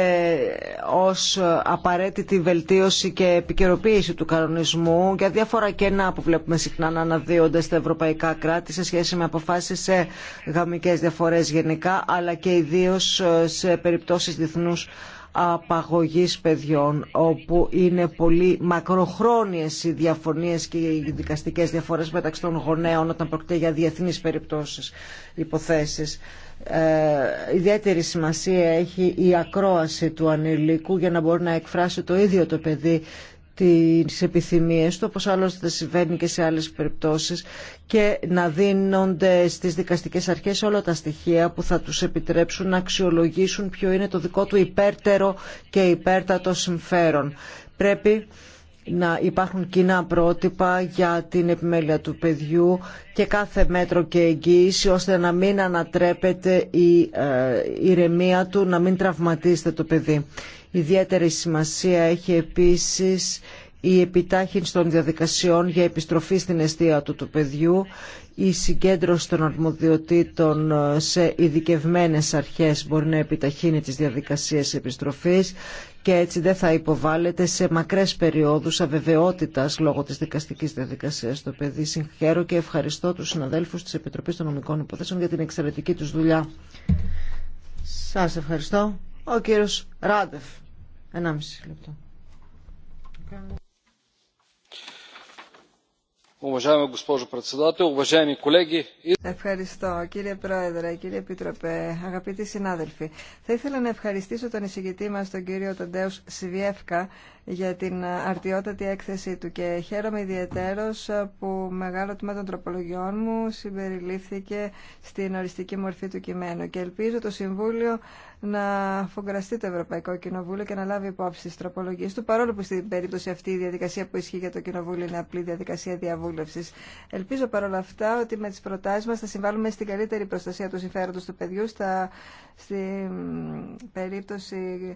ως απαραίτητη βελτίωση και επικαιροποίηση του κανονισμού για διάφορα κενά που βλέπουμε συχνά να αναδύονται στα ευρωπαϊκά κράτη σε σχέση με αποφάσεις σε γαμικές διαφορές γενικά αλλά και ιδίως ε, σε περιπτώσεις διεθνούς απαγωγής παιδιών όπου είναι πολύ μακροχρόνιες οι διαφωνίες και οι δικαστικές διαφορές μεταξύ των γονέων όταν πρόκειται για διεθνείς περιπτώσεις υποθέσεις. Ε, ιδιαίτερη σημασία έχει η ακρόαση του ανηλίκου για να μπορεί να εκφράσει το ίδιο το παιδί τις επιθυμίες του, όπως άλλωστε συμβαίνει και σε άλλες περιπτώσεις, και να δίνονται στις δικαστικές αρχές όλα τα στοιχεία που θα τους επιτρέψουν να αξιολογήσουν ποιο είναι το δικό του υπέρτερο και υπέρτατο συμφέρον. Πρέπει να υπάρχουν κοινά πρότυπα για την επιμέλεια του παιδιού και κάθε μέτρο και εγγύηση ώστε να μην ανατρέπεται ε, η ηρεμία του, να μην τραυματίζεται το παιδί. Ιδιαίτερη σημασία έχει επίσης η επιτάχυνση των διαδικασιών για επιστροφή στην αιστεία του του παιδιού, η συγκέντρωση των αρμοδιοτήτων ε, σε ειδικευμένε αρχές μπορεί να επιταχύνει τις διαδικασίες επιστροφής και έτσι δεν θα υποβάλλεται σε μακρές περιόδους αβεβαιότητας λόγω της δικαστικής διαδικασίας το παιδί. Συγχαίρω και ευχαριστώ τους συναδέλφους της Επιτροπής των Νομικών Υποθέσεων για την εξαιρετική τους δουλειά. Σας ευχαριστώ. Ο κύριος Ράντεφ. μισή λεπτό. Ευχαριστώ κύριε Πρόεδρε, κύριε Επιτροπέ, αγαπητοί συνάδελφοι. Θα ήθελα να ευχαριστήσω τον εισηγητή μας, τον κύριο Ταντέους Σιβιεύκα, για την αρτιότατη έκθεσή του και χαίρομαι ιδιαίτερος που μεγάλο τμήμα των τροπολογιών μου συμπεριλήφθηκε στην οριστική μορφή του κειμένου και ελπίζω το Συμβούλιο να αφογκραστεί το Ευρωπαϊκό Κοινοβούλιο και να λάβει υπόψη τι τροπολογίε του, παρόλο που στην περίπτωση αυτή η διαδικασία που ισχύει για το Κοινοβούλιο είναι απλή διαδικασία διαβούλευση. Ελπίζω παρόλα αυτά ότι με τι προτάσει μα θα συμβάλλουμε στην καλύτερη προστασία του συμφέροντο του παιδιού στα, στην περίπτωση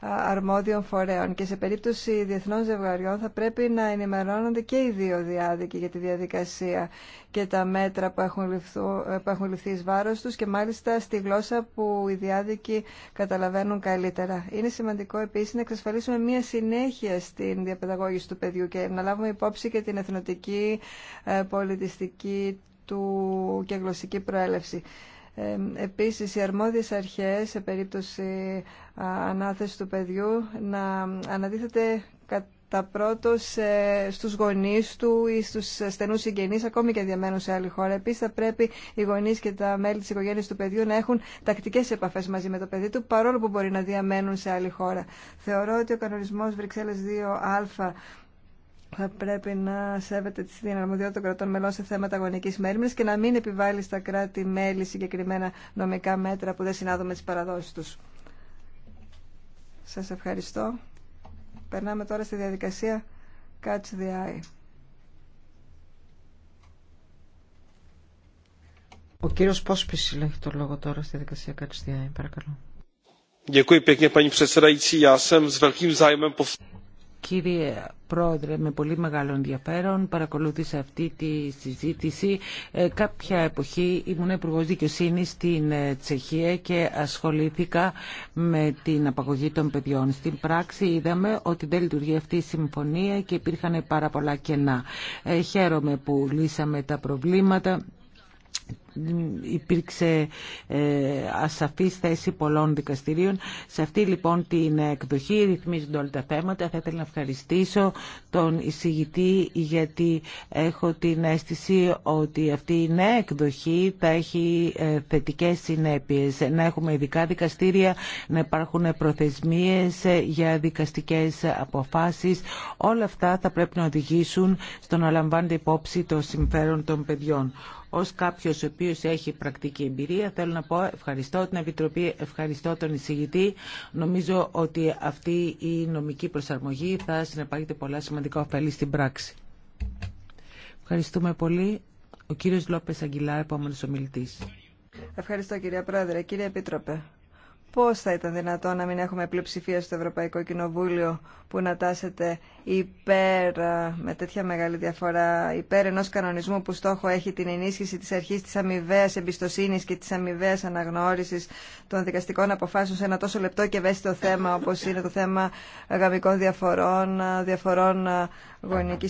αρμόδιων φορέων και σε περίπτωση διεθνών ζευγαριών θα πρέπει να ενημερώνονται και οι δύο διάδικοι για τη διαδικασία και τα μέτρα που έχουν, ληφθού, που έχουν ληφθεί εις βάρος τους και μάλιστα στη γλώσσα που οι διάδικοι καταλαβαίνουν καλύτερα. Είναι σημαντικό επίσης να εξασφαλίσουμε μια συνέχεια στην διαπαιδαγώγηση του παιδιού και να λάβουμε υπόψη και την εθνοτική, ε, πολιτιστική του και γλωσσική προέλευση. Επίσης, οι αρμόδιες αρχές σε περίπτωση ανάθεση του παιδιού να αναδίθεται κατά πρώτο ε, στους γονείς του ή στους στενούς συγγενείς, ακόμη και διαμένουν σε άλλη χώρα. Επίσης, θα πρέπει οι γονείς και τα μέλη της οικογένειας του παιδιού να έχουν τακτικές επαφές μαζί με το παιδί του, παρόλο που μπορεί να διαμένουν σε άλλη χώρα. Θεωρώ ότι ο κανονισμός Βρυξέλλες 2α θα πρέπει να σέβεται τη συναρμοδιότητα των κρατών μελών σε θέματα αγωνικής μέρημνας και να μην επιβάλλει στα κράτη-μέλη συγκεκριμένα νομικά μέτρα που δεν συνάδουν με τις παραδόσεις τους. Σας ευχαριστώ. Περνάμε τώρα στη διαδικασία Catch the Eye. Ο κύριος Πόσπης έχει το λόγο τώρα στη διαδικασία Catch the Eye. Παρακαλώ. Κύριε Πρόεδρε, με πολύ μεγάλο ενδιαφέρον παρακολούθησα αυτή τη συζήτηση. Ε, κάποια εποχή ήμουν υπουργό δικαιοσύνη στην ε, Τσεχία και ασχολήθηκα με την απαγωγή των παιδιών. Στην πράξη είδαμε ότι δεν λειτουργεί αυτή η συμφωνία και υπήρχαν πάρα πολλά κενά. Ε, χαίρομαι που λύσαμε τα προβλήματα υπήρξε ε, ασαφής θέση πολλών δικαστηρίων. Σε αυτή λοιπόν την εκδοχή ρυθμίζονται όλα τα θέματα. Θα ήθελα να ευχαριστήσω τον εισηγητή γιατί έχω την αίσθηση ότι αυτή η νέα εκδοχή θα έχει ε, θετικές συνέπειες. Να έχουμε ειδικά δικαστήρια, να υπάρχουν προθεσμίες ε, για δικαστικές αποφάσεις. Όλα αυτά θα πρέπει να οδηγήσουν στο να λαμβάνεται υπόψη το συμφέρον των παιδιών. Ως κάποιος ο οποίος έχει πρακτική εμπειρία θέλω να πω ευχαριστώ την Επιτροπή, ευχαριστώ τον εισηγητή. Νομίζω ότι αυτή η νομική προσαρμογή θα συνεπάγεται πολλά σημαντικά ωφέλη στην πράξη. Ευχαριστούμε πολύ. Ο κύριος Λόπες Αγγιλά, επόμενος ομιλητής. Ευχαριστώ κυρία Πρόεδρε. Κύριε Επίτροπε, Πώ θα ήταν δυνατόν να μην έχουμε πλειοψηφία στο Ευρωπαϊκό Κοινοβούλιο που να τάσεται υπέρ, με τέτοια μεγάλη διαφορά, υπέρ ενός κανονισμού που στόχο έχει την ενίσχυση της αρχής της αμοιβαία εμπιστοσύνη και της αμοιβαία αναγνώρισης των δικαστικών αποφάσεων σε ένα τόσο λεπτό και ευαίσθητο θέμα όπω είναι το θέμα γαμικών διαφορών, διαφορών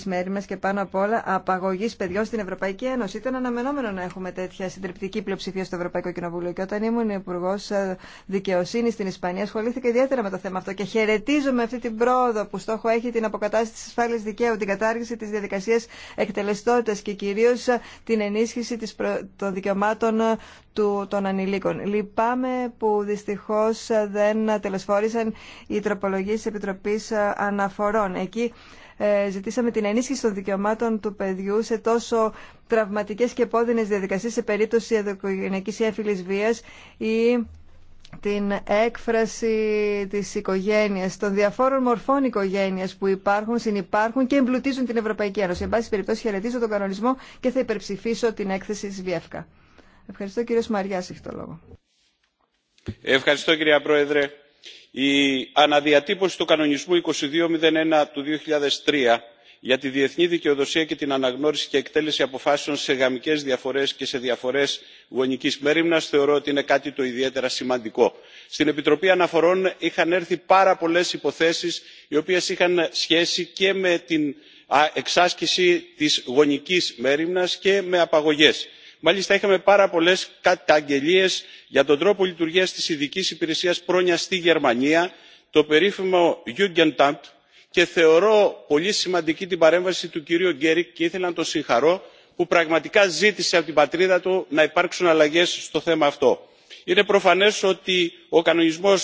μέρη μα και πάνω απ' όλα απαγωγή παιδιών στην Ευρωπαϊκή Ένωση. Ήταν αναμενόμενο να έχουμε τέτοια συντριπτική πλειοψηφία στο Ευρωπαϊκό Κοινοβούλιο και όταν ήμουν υπουργό ε, δικαιοσύνη στην Ισπανία ασχολήθηκα ιδιαίτερα με το θέμα αυτό και χαιρετίζομαι αυτή την πρόοδο που στόχο έχει την αποκατάσταση τη ασφάλεια δικαίου, την κατάργηση τη διαδικασία εκτελεστότητας και κυρίω ε, την ενίσχυση των δικαιωμάτων ε, του, των ανηλίκων. Λυπάμαι που δυστυχώ δεν τελεσφόρησαν οι τροπολογίε τη επιτροπή Αναφορών. Εκεί ε, ζητήσαμε την ενίσχυση των δικαιωμάτων του παιδιού σε τόσο τραυματικές και επώδυνες διαδικασίες σε περίπτωση ενδοκογενειακής ή έφυλης βίας ή την έκφραση της οικογένειας, των διαφόρων μορφών οικογένειας που υπάρχουν, συνυπάρχουν και εμπλουτίζουν την Ευρωπαϊκή Ένωση. Εν πάση περιπτώσει χαιρετίζω τον κανονισμό και θα υπερψηφίσω την έκθεση τη Ευχαριστώ κύριο Μαριά, έχει το λόγο. Ευχαριστώ κυρία Πρόεδρε η αναδιατύπωση του κανονισμού 2201 του δύο για τη διεθνή δικαιοδοσία και την αναγνώριση και εκτέλεση αποφάσεων σε γαμικές διαφορές και σε διαφορές γονικής μέριμνας θεωρώ ότι είναι κάτι το ιδιαίτερα σημαντικό. στην επιτροπή αναφορών είχαν έρθει πάρα πολλές υποθέσεις οι οποίες είχαν σχέση και με την εξάσκηση της γονικής μέριμνας και με απαγωγές μάλιστα είχαμε πάρα πολλέ καταγγελίε για τον τρόπο λειτουργία τη ειδική υπηρεσία πρόνοια στη γερμανία το περίφημο jugendamt και θεωρώ πολύ σημαντική την παρέμβαση του κυρίου γκέρικ και ήθελα να τον συγχαρώ που πραγματικά ζήτησε από την πατρίδα του να υπάρξουν αλλαγέ στο θέμα αυτό. είναι προφανέ ότι ο κανονισμό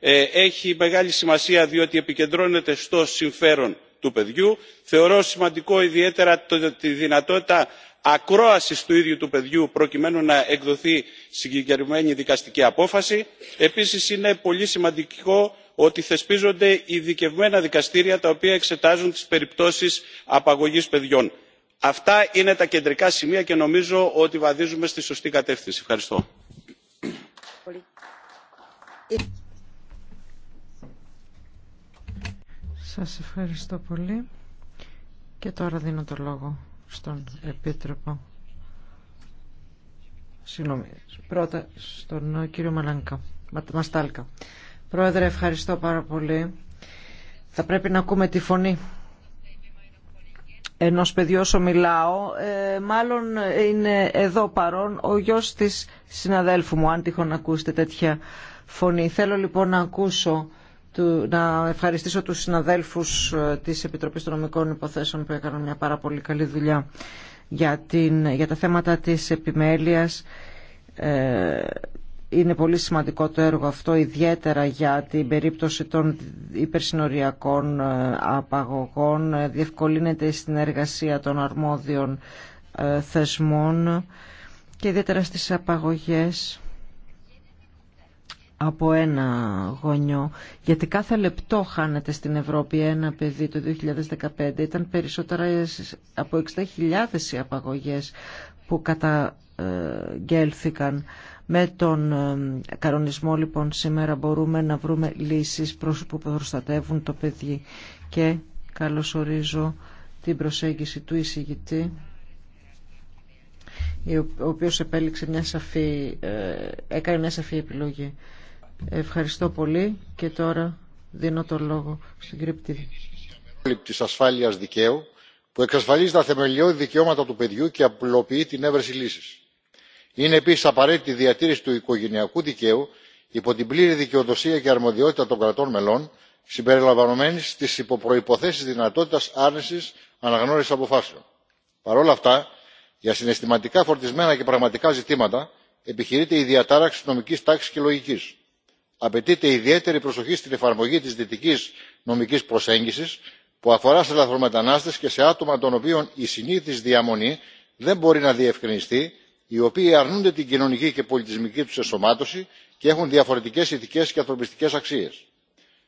ε, έχει μεγάλη σημασία διότι επικεντρώνεται στο συμφέρον του παιδιού. θεωρώ σημαντικό ιδιαίτερα τη δυνατότητα Ακρόαση του ίδιου του παιδιού προκειμένου να εκδοθεί συγκεκριμένη δικαστική απόφαση. επίσης είναι πολύ σημαντικό ότι θεσπίζονται ειδικευμένα δικαστήρια τα οποία εξετάζουν τις περιπτώσεις απαγωγής παιδιών. αυτά είναι τα κεντρικά σημεία και νομίζω ότι βαδίζουμε στη σωστή κατεύθυνση. ευχαριστώ. Σας ευχαριστώ πολύ. Και τώρα δίνω το λόγο στον Επίτροπο. Συγγνώμη. Πρώτα στον κύριο Μαλάνκα. Μαστάλκα. Πρόεδρε, ευχαριστώ πάρα πολύ. Θα πρέπει να ακούμε τη φωνή ενό παιδιού όσο μιλάω, ε, μάλλον είναι εδώ παρόν ο γιος της συναδέλφου μου, αν τυχόν ακούσετε τέτοια φωνή. Θέλω λοιπόν να ακούσω να ευχαριστήσω τους συναδέλφους ε, της Επιτροπής των Νομικών Υποθέσεων που έκαναν μια πάρα πολύ καλή δουλειά για, την, για τα θέματα της επιμέλειας. Ε, είναι πολύ σημαντικό το έργο αυτό, ιδιαίτερα για την περίπτωση των υπερσυνοριακών ε, απαγωγών. Ε, διευκολύνεται η εργασία των αρμόδιων θεσμών και ιδιαίτερα στις απαγωγές από ένα γονιό, γιατί κάθε λεπτό χάνεται στην Ευρώπη ένα παιδί το 2015. Ήταν περισσότερα από 60.000 οι απαγωγές που καταγγέλθηκαν. Με τον ε, καρονισμό λοιπόν σήμερα μπορούμε να βρούμε λύσεις που προστατεύουν το παιδί και καλωσορίζω την προσέγγιση του εισηγητή ο οποίος επέλεξε μια σαφή, ε, έκανε μια σαφή επιλογή. Ευχαριστώ πολύ και τώρα δίνω το λόγο στην κρυπτή. τη ασφάλεια δικαίου που εξασφαλίζει τα θεμελιώδη δικαιώματα του παιδιού και απλοποιεί την έβρεση λύση. Είναι επίση απαραίτητη η διατήρηση του οικογενειακού δικαίου υπό την πλήρη δικαιοδοσία και αρμοδιότητα των κρατών μελών, συμπεριλαμβανομένης της υποπροποθέσει δυνατότητα άρνησης αναγνώριση αποφάσεων. Παρ' όλα αυτά, για συναισθηματικά φορτισμένα και πραγματικά ζητήματα επιχειρείται η διατάραξη νομική τάξη και λογική απαιτείται ιδιαίτερη προσοχή στην εφαρμογή της δυτικής νομικής προσέγγισης που αφορά σε λαθρομετανάστες και σε άτομα των οποίων η συνήθις διαμονή δεν μπορεί να διευκρινιστεί οι οποίοι αρνούνται την κοινωνική και πολιτισμική τους εσωμάτωση και έχουν διαφορετικές ηθικές και ανθρωπιστικές αξίες.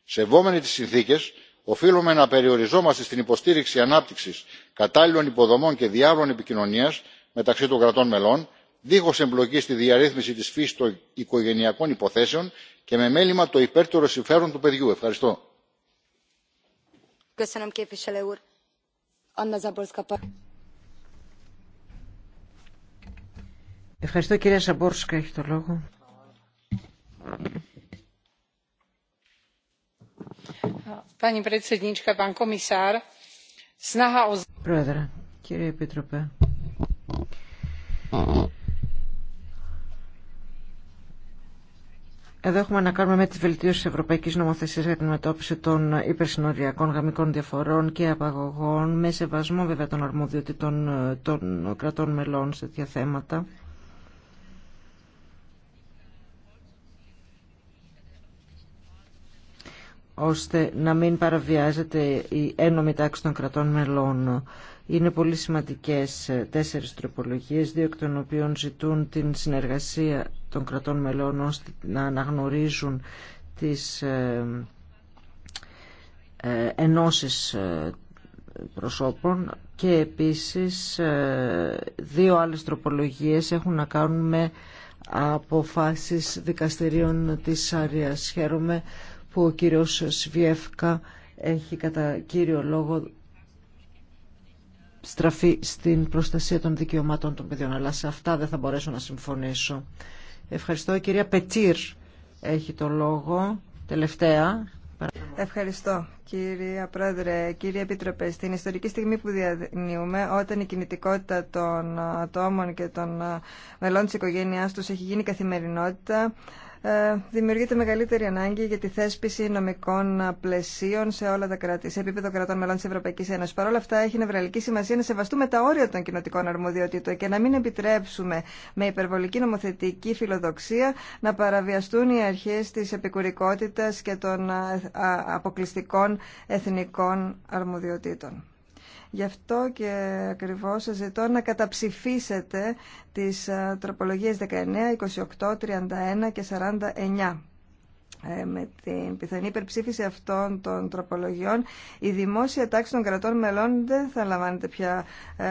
σεβόμενοι τις συνθήκες οφείλουμε να περιοριζόμαστε στην υποστήριξη ανάπτυξης κατάλληλων υποδομών και διάβλων επικοινωνίας μεταξύ των κρατών μελών δίχως εμπλοκή στη διαρρύθμιση της φύσης των οικογενειακών υποθέσεων και με μέλημα το υπέρτερο συμφέρον του παιδιού. ευχαριστώ. Ευχαριστώ κυρία Σαμπόρσκα, έχει το λόγο. Πρόεδρε, κύριε Επίτροπε, Εδώ έχουμε να κάνουμε με τη βελτίωση τη Ευρωπαϊκή Νομοθεσία για την μετώπιση των υπερσυνοριακών γαμικών διαφορών και απαγωγών, με σεβασμό βέβαια των αρμοδιοτήτων ε, των κρατών μελών σε τέτοια θέματα. ώστε να μην παραβιάζεται η ένωμη τάξη των κρατών μελών. Είναι πολύ σημαντικές ε, τέσσερις τροπολογίες, δύο εκ των οποίων ζητούν την συνεργασία των κρατών μελών ώστε να αναγνωρίζουν τις ε, ε, ενώσεις προσώπων και επίσης δύο άλλες τροπολογίες έχουν να κάνουν με αποφάσεις δικαστηρίων της Άριας. Χαίρομαι που ο κύριος Σβιέφκα έχει κατά κύριο λόγο στραφεί στην προστασία των δικαιωμάτων των παιδιών. Αλλά σε αυτά δεν θα μπορέσω να συμφωνήσω. Ευχαριστώ. Η κυρία Πετήρ έχει το λόγο. Τελευταία. Ευχαριστώ κύριε Πρόεδρε, κύριε Επίτροπε. Στην ιστορική στιγμή που διανύουμε, όταν η κινητικότητα των ατόμων και των μελών της οικογένειάς τους έχει γίνει καθημερινότητα, ε, δημιουργείται μεγαλύτερη ανάγκη για τη θέσπιση νομικών πλαισίων σε όλα τα κράτη, σε επίπεδο κρατών μελών τη Ευρωπαϊκή Ένωση. Παρ' όλα αυτά, έχει νευραλική σημασία να σεβαστούμε τα όρια των κοινοτικών αρμοδιοτήτων και να μην επιτρέψουμε με υπερβολική νομοθετική φιλοδοξία να παραβιαστούν οι αρχέ τη επικουρικότητα και των ε, αποκλειστικών εθνικών αρμοδιοτήτων. Γι' αυτό και ακριβώς σας ζητώ να καταψηφίσετε τις ε, τροπολογίες 19, 28, 31 και 49. Ε, με την πιθανή υπερψήφιση αυτών των τροπολογιών η δημόσια τάξη των κρατών μελών δεν θα λαμβάνεται πια ε,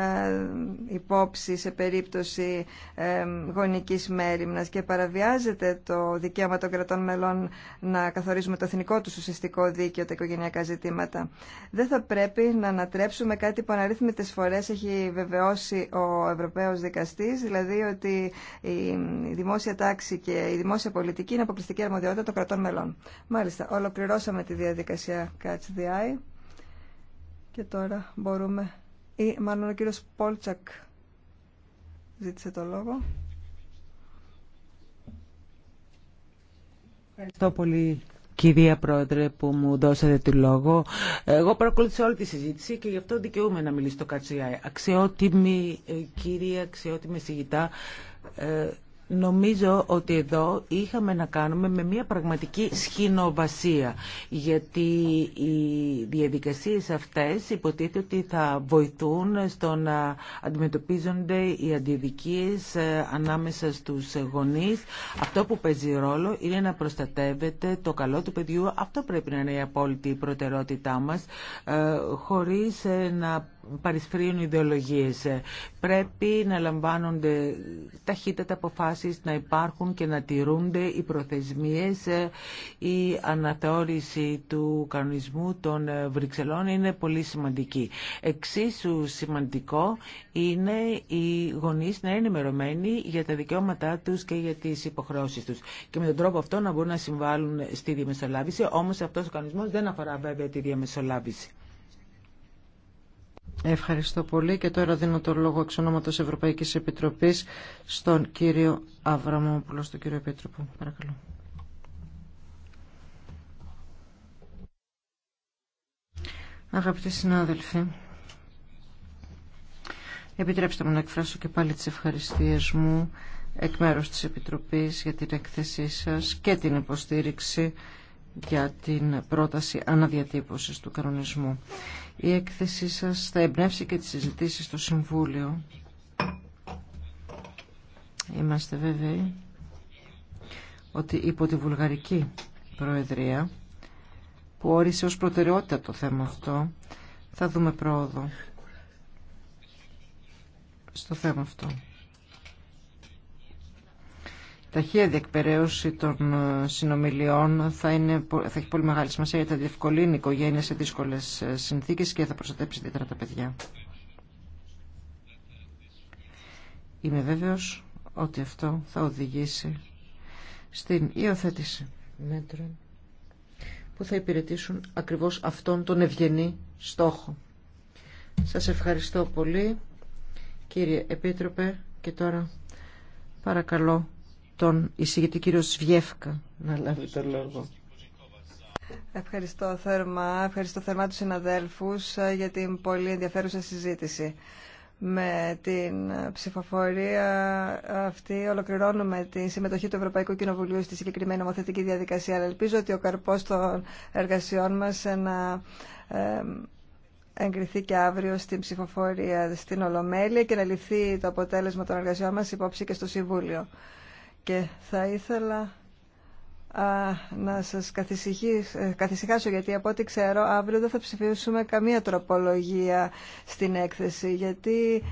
υπόψη σε περίπτωση ε, γονικής μέρημνας και παραβιάζεται το δικαίωμα των κρατών μελών να καθορίζουμε το εθνικό του ουσιαστικό δίκαιο τα οικογενειακά ζητήματα. Δεν θα πρέπει να ανατρέψουμε κάτι που αναρρύθμιτες φορές έχει βεβαιώσει ο Ευρωπαίος Δικαστής, δηλαδή ότι η δημόσια τάξη και η δημόσια πολιτική είναι αποκλειστική αρμοδιότητα των κρατών μέλλον. Μάλιστα, ολοκληρώσαμε τη διαδικασία Catch the Eye και τώρα μπορούμε... Ή μάλλον ο κύριος Πόλτσακ ζήτησε το λόγο. Ευχαριστώ πολύ κυρία Πρόεδρε που μου δώσατε το λόγο. Εγώ παρακολούθησα όλη τη συζήτηση και γι' αυτό δικαιούμαι να μιλήσω στο Eye. Αξιότιμη ε, κυρία, αξιότιμη συγητά, ε, Νομίζω ότι εδώ είχαμε να κάνουμε με μια πραγματική σχηνοβασία, γιατί οι διαδικασίες αυτές υποτίθεται ότι θα βοηθούν στο να αντιμετωπίζονται οι αντιδικίες ε, ανάμεσα στους γονείς. Αυτό που παίζει ρόλο είναι να προστατεύεται το καλό του παιδιού. Αυτό πρέπει να είναι η απόλυτη προτεραιότητά μας, ε, χωρίς ε, να παρισφρίουν ιδεολογίες. Πρέπει να λαμβάνονται ταχύτατα αποφάσεις, να υπάρχουν και να τηρούνται οι προθεσμίες. Η αναθεώρηση του κανονισμού των Βρυξελών είναι πολύ σημαντική. Εξίσου σημαντικό είναι οι γονείς να είναι ενημερωμένοι για τα δικαιώματά τους και για τις υποχρεώσεις τους. Και με τον τρόπο αυτό να μπορούν να συμβάλλουν στη διαμεσολάβηση. Όμως αυτός ο κανονισμός δεν αφορά βέβαια τη διαμεσολάβηση. Ευχαριστώ πολύ και τώρα δίνω το λόγο εξ ονόματος Ευρωπαϊκής Επιτροπής στον κύριο Αβραμόπουλο, στον κύριο Επίτροπο. Παρακαλώ. Αγαπητοί συνάδελφοι, επιτρέψτε μου να εκφράσω και πάλι τις ευχαριστίες μου εκ μέρους της Επιτροπής για την έκθεσή σας και την υποστήριξη για την πρόταση αναδιατύπωσης του κανονισμού. Η έκθεσή σας θα εμπνεύσει και τις συζητήσεις στο Συμβούλιο. Είμαστε βέβαιοι ότι υπό τη Βουλγαρική Προεδρία που όρισε ως προτεραιότητα το θέμα αυτό θα δούμε πρόοδο στο θέμα αυτό ταχεία διεκπαιρέωση των ε, συνομιλιών θα, είναι, θα έχει πολύ μεγάλη σημασία γιατί θα διευκολύνει η οικογένεια σε δύσκολες ε, συνθήκες και θα προστατέψει ιδιαίτερα τα παιδιά. Είμαι βέβαιος ότι αυτό θα οδηγήσει στην υιοθέτηση μέτρων που θα υπηρετήσουν ακριβώς αυτόν τον ευγενή στόχο. Σας ευχαριστώ πολύ κύριε Επίτροπε και τώρα παρακαλώ τον εισηγητή κύριο Σβιεύκα να λάβει το λόγο. Ευχαριστώ θερμά, ευχαριστώ θερμά τους συναδέλφους ε, για την πολύ ενδιαφέρουσα συζήτηση. Με την ψηφοφορία αυτή ολοκληρώνουμε τη συμμετοχή του Ευρωπαϊκού Κοινοβουλίου στη συγκεκριμένη νομοθετική διαδικασία. Αλλά ελπίζω ότι ο καρπός των εργασιών μας να εγκριθεί και αύριο στην ψηφοφορία στην Ολομέλεια και να ληφθεί το αποτέλεσμα των εργασιών μας υπόψη και στο Συμβούλιο. Και θα ήθελα να σας ε, καθησυχάσω γιατί από ό,τι ξέρω αύριο δεν θα ψηφίσουμε καμία τροπολογία στην έκθεση γιατί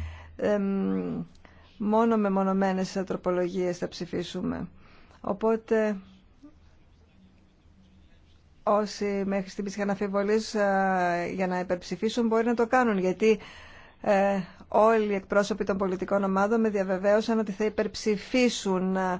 μόνο με μονομένες ε, τροπολογίες θα ψηφίσουμε. Οπότε όσοι μέχρι στιγμής είχαν ε, για να υπερψηφίσουν μπορεί να το κάνουν γιατί όλοι οι εκπρόσωποι των πολιτικών ομάδων με διαβεβαίωσαν ότι θα υπερψηφίσουν ε,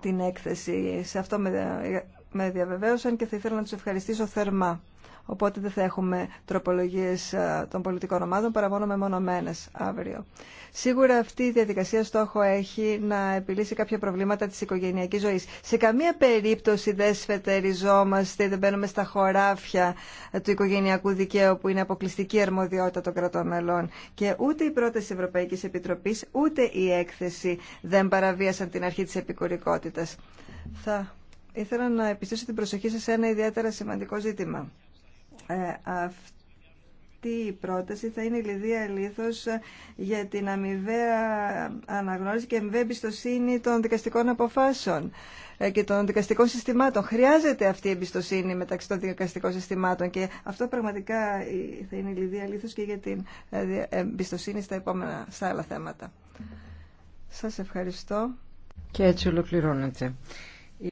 την έκθεση. Σε αυτό ε, με διαβεβαίωσαν και θα ήθελα να τους ευχαριστήσω θερμά. Οπότε δεν θα έχουμε τροπολογίες ε, των πολιτικών ομάδων παρά μόνο μεμονωμένες αύριο. Σίγουρα αυτή η διαδικασία στόχο έχει να επιλύσει κάποια προβλήματα της οικογενειακής ζωής. Σε καμία περίπτωση δεν σφετεριζόμαστε, δεν μπαίνουμε στα χωράφια του οικογενειακού δικαίου που είναι αποκλειστική αρμοδιότητα των κρατών μελών. Και ούτε η πρόταση Ευρωπαϊκής Επιτροπής, ούτε η έκθεση δεν παραβίασαν την αρχή της επικουρικότητας. Θα ήθελα να επιστήσω την προσοχή σας σε ένα ιδιαίτερα σημαντικό ζήτημα. Ε, αυτή η πρόταση θα είναι η λιδία λίθος ε, για την αμοιβαία αναγνώριση και αμοιβαία εμπιστοσύνη των δικαστικών αποφάσεων ε, και των δικαστικών συστημάτων. Χρειάζεται αυτή η εμπιστοσύνη μεταξύ των δικαστικών συστημάτων και αυτό πραγματικά θα είναι η λιδία λίθος και για την εμπιστοσύνη στα, επόμενα, στα άλλα θέματα. Σας ευχαριστώ. Και έτσι ολοκληρώνεται.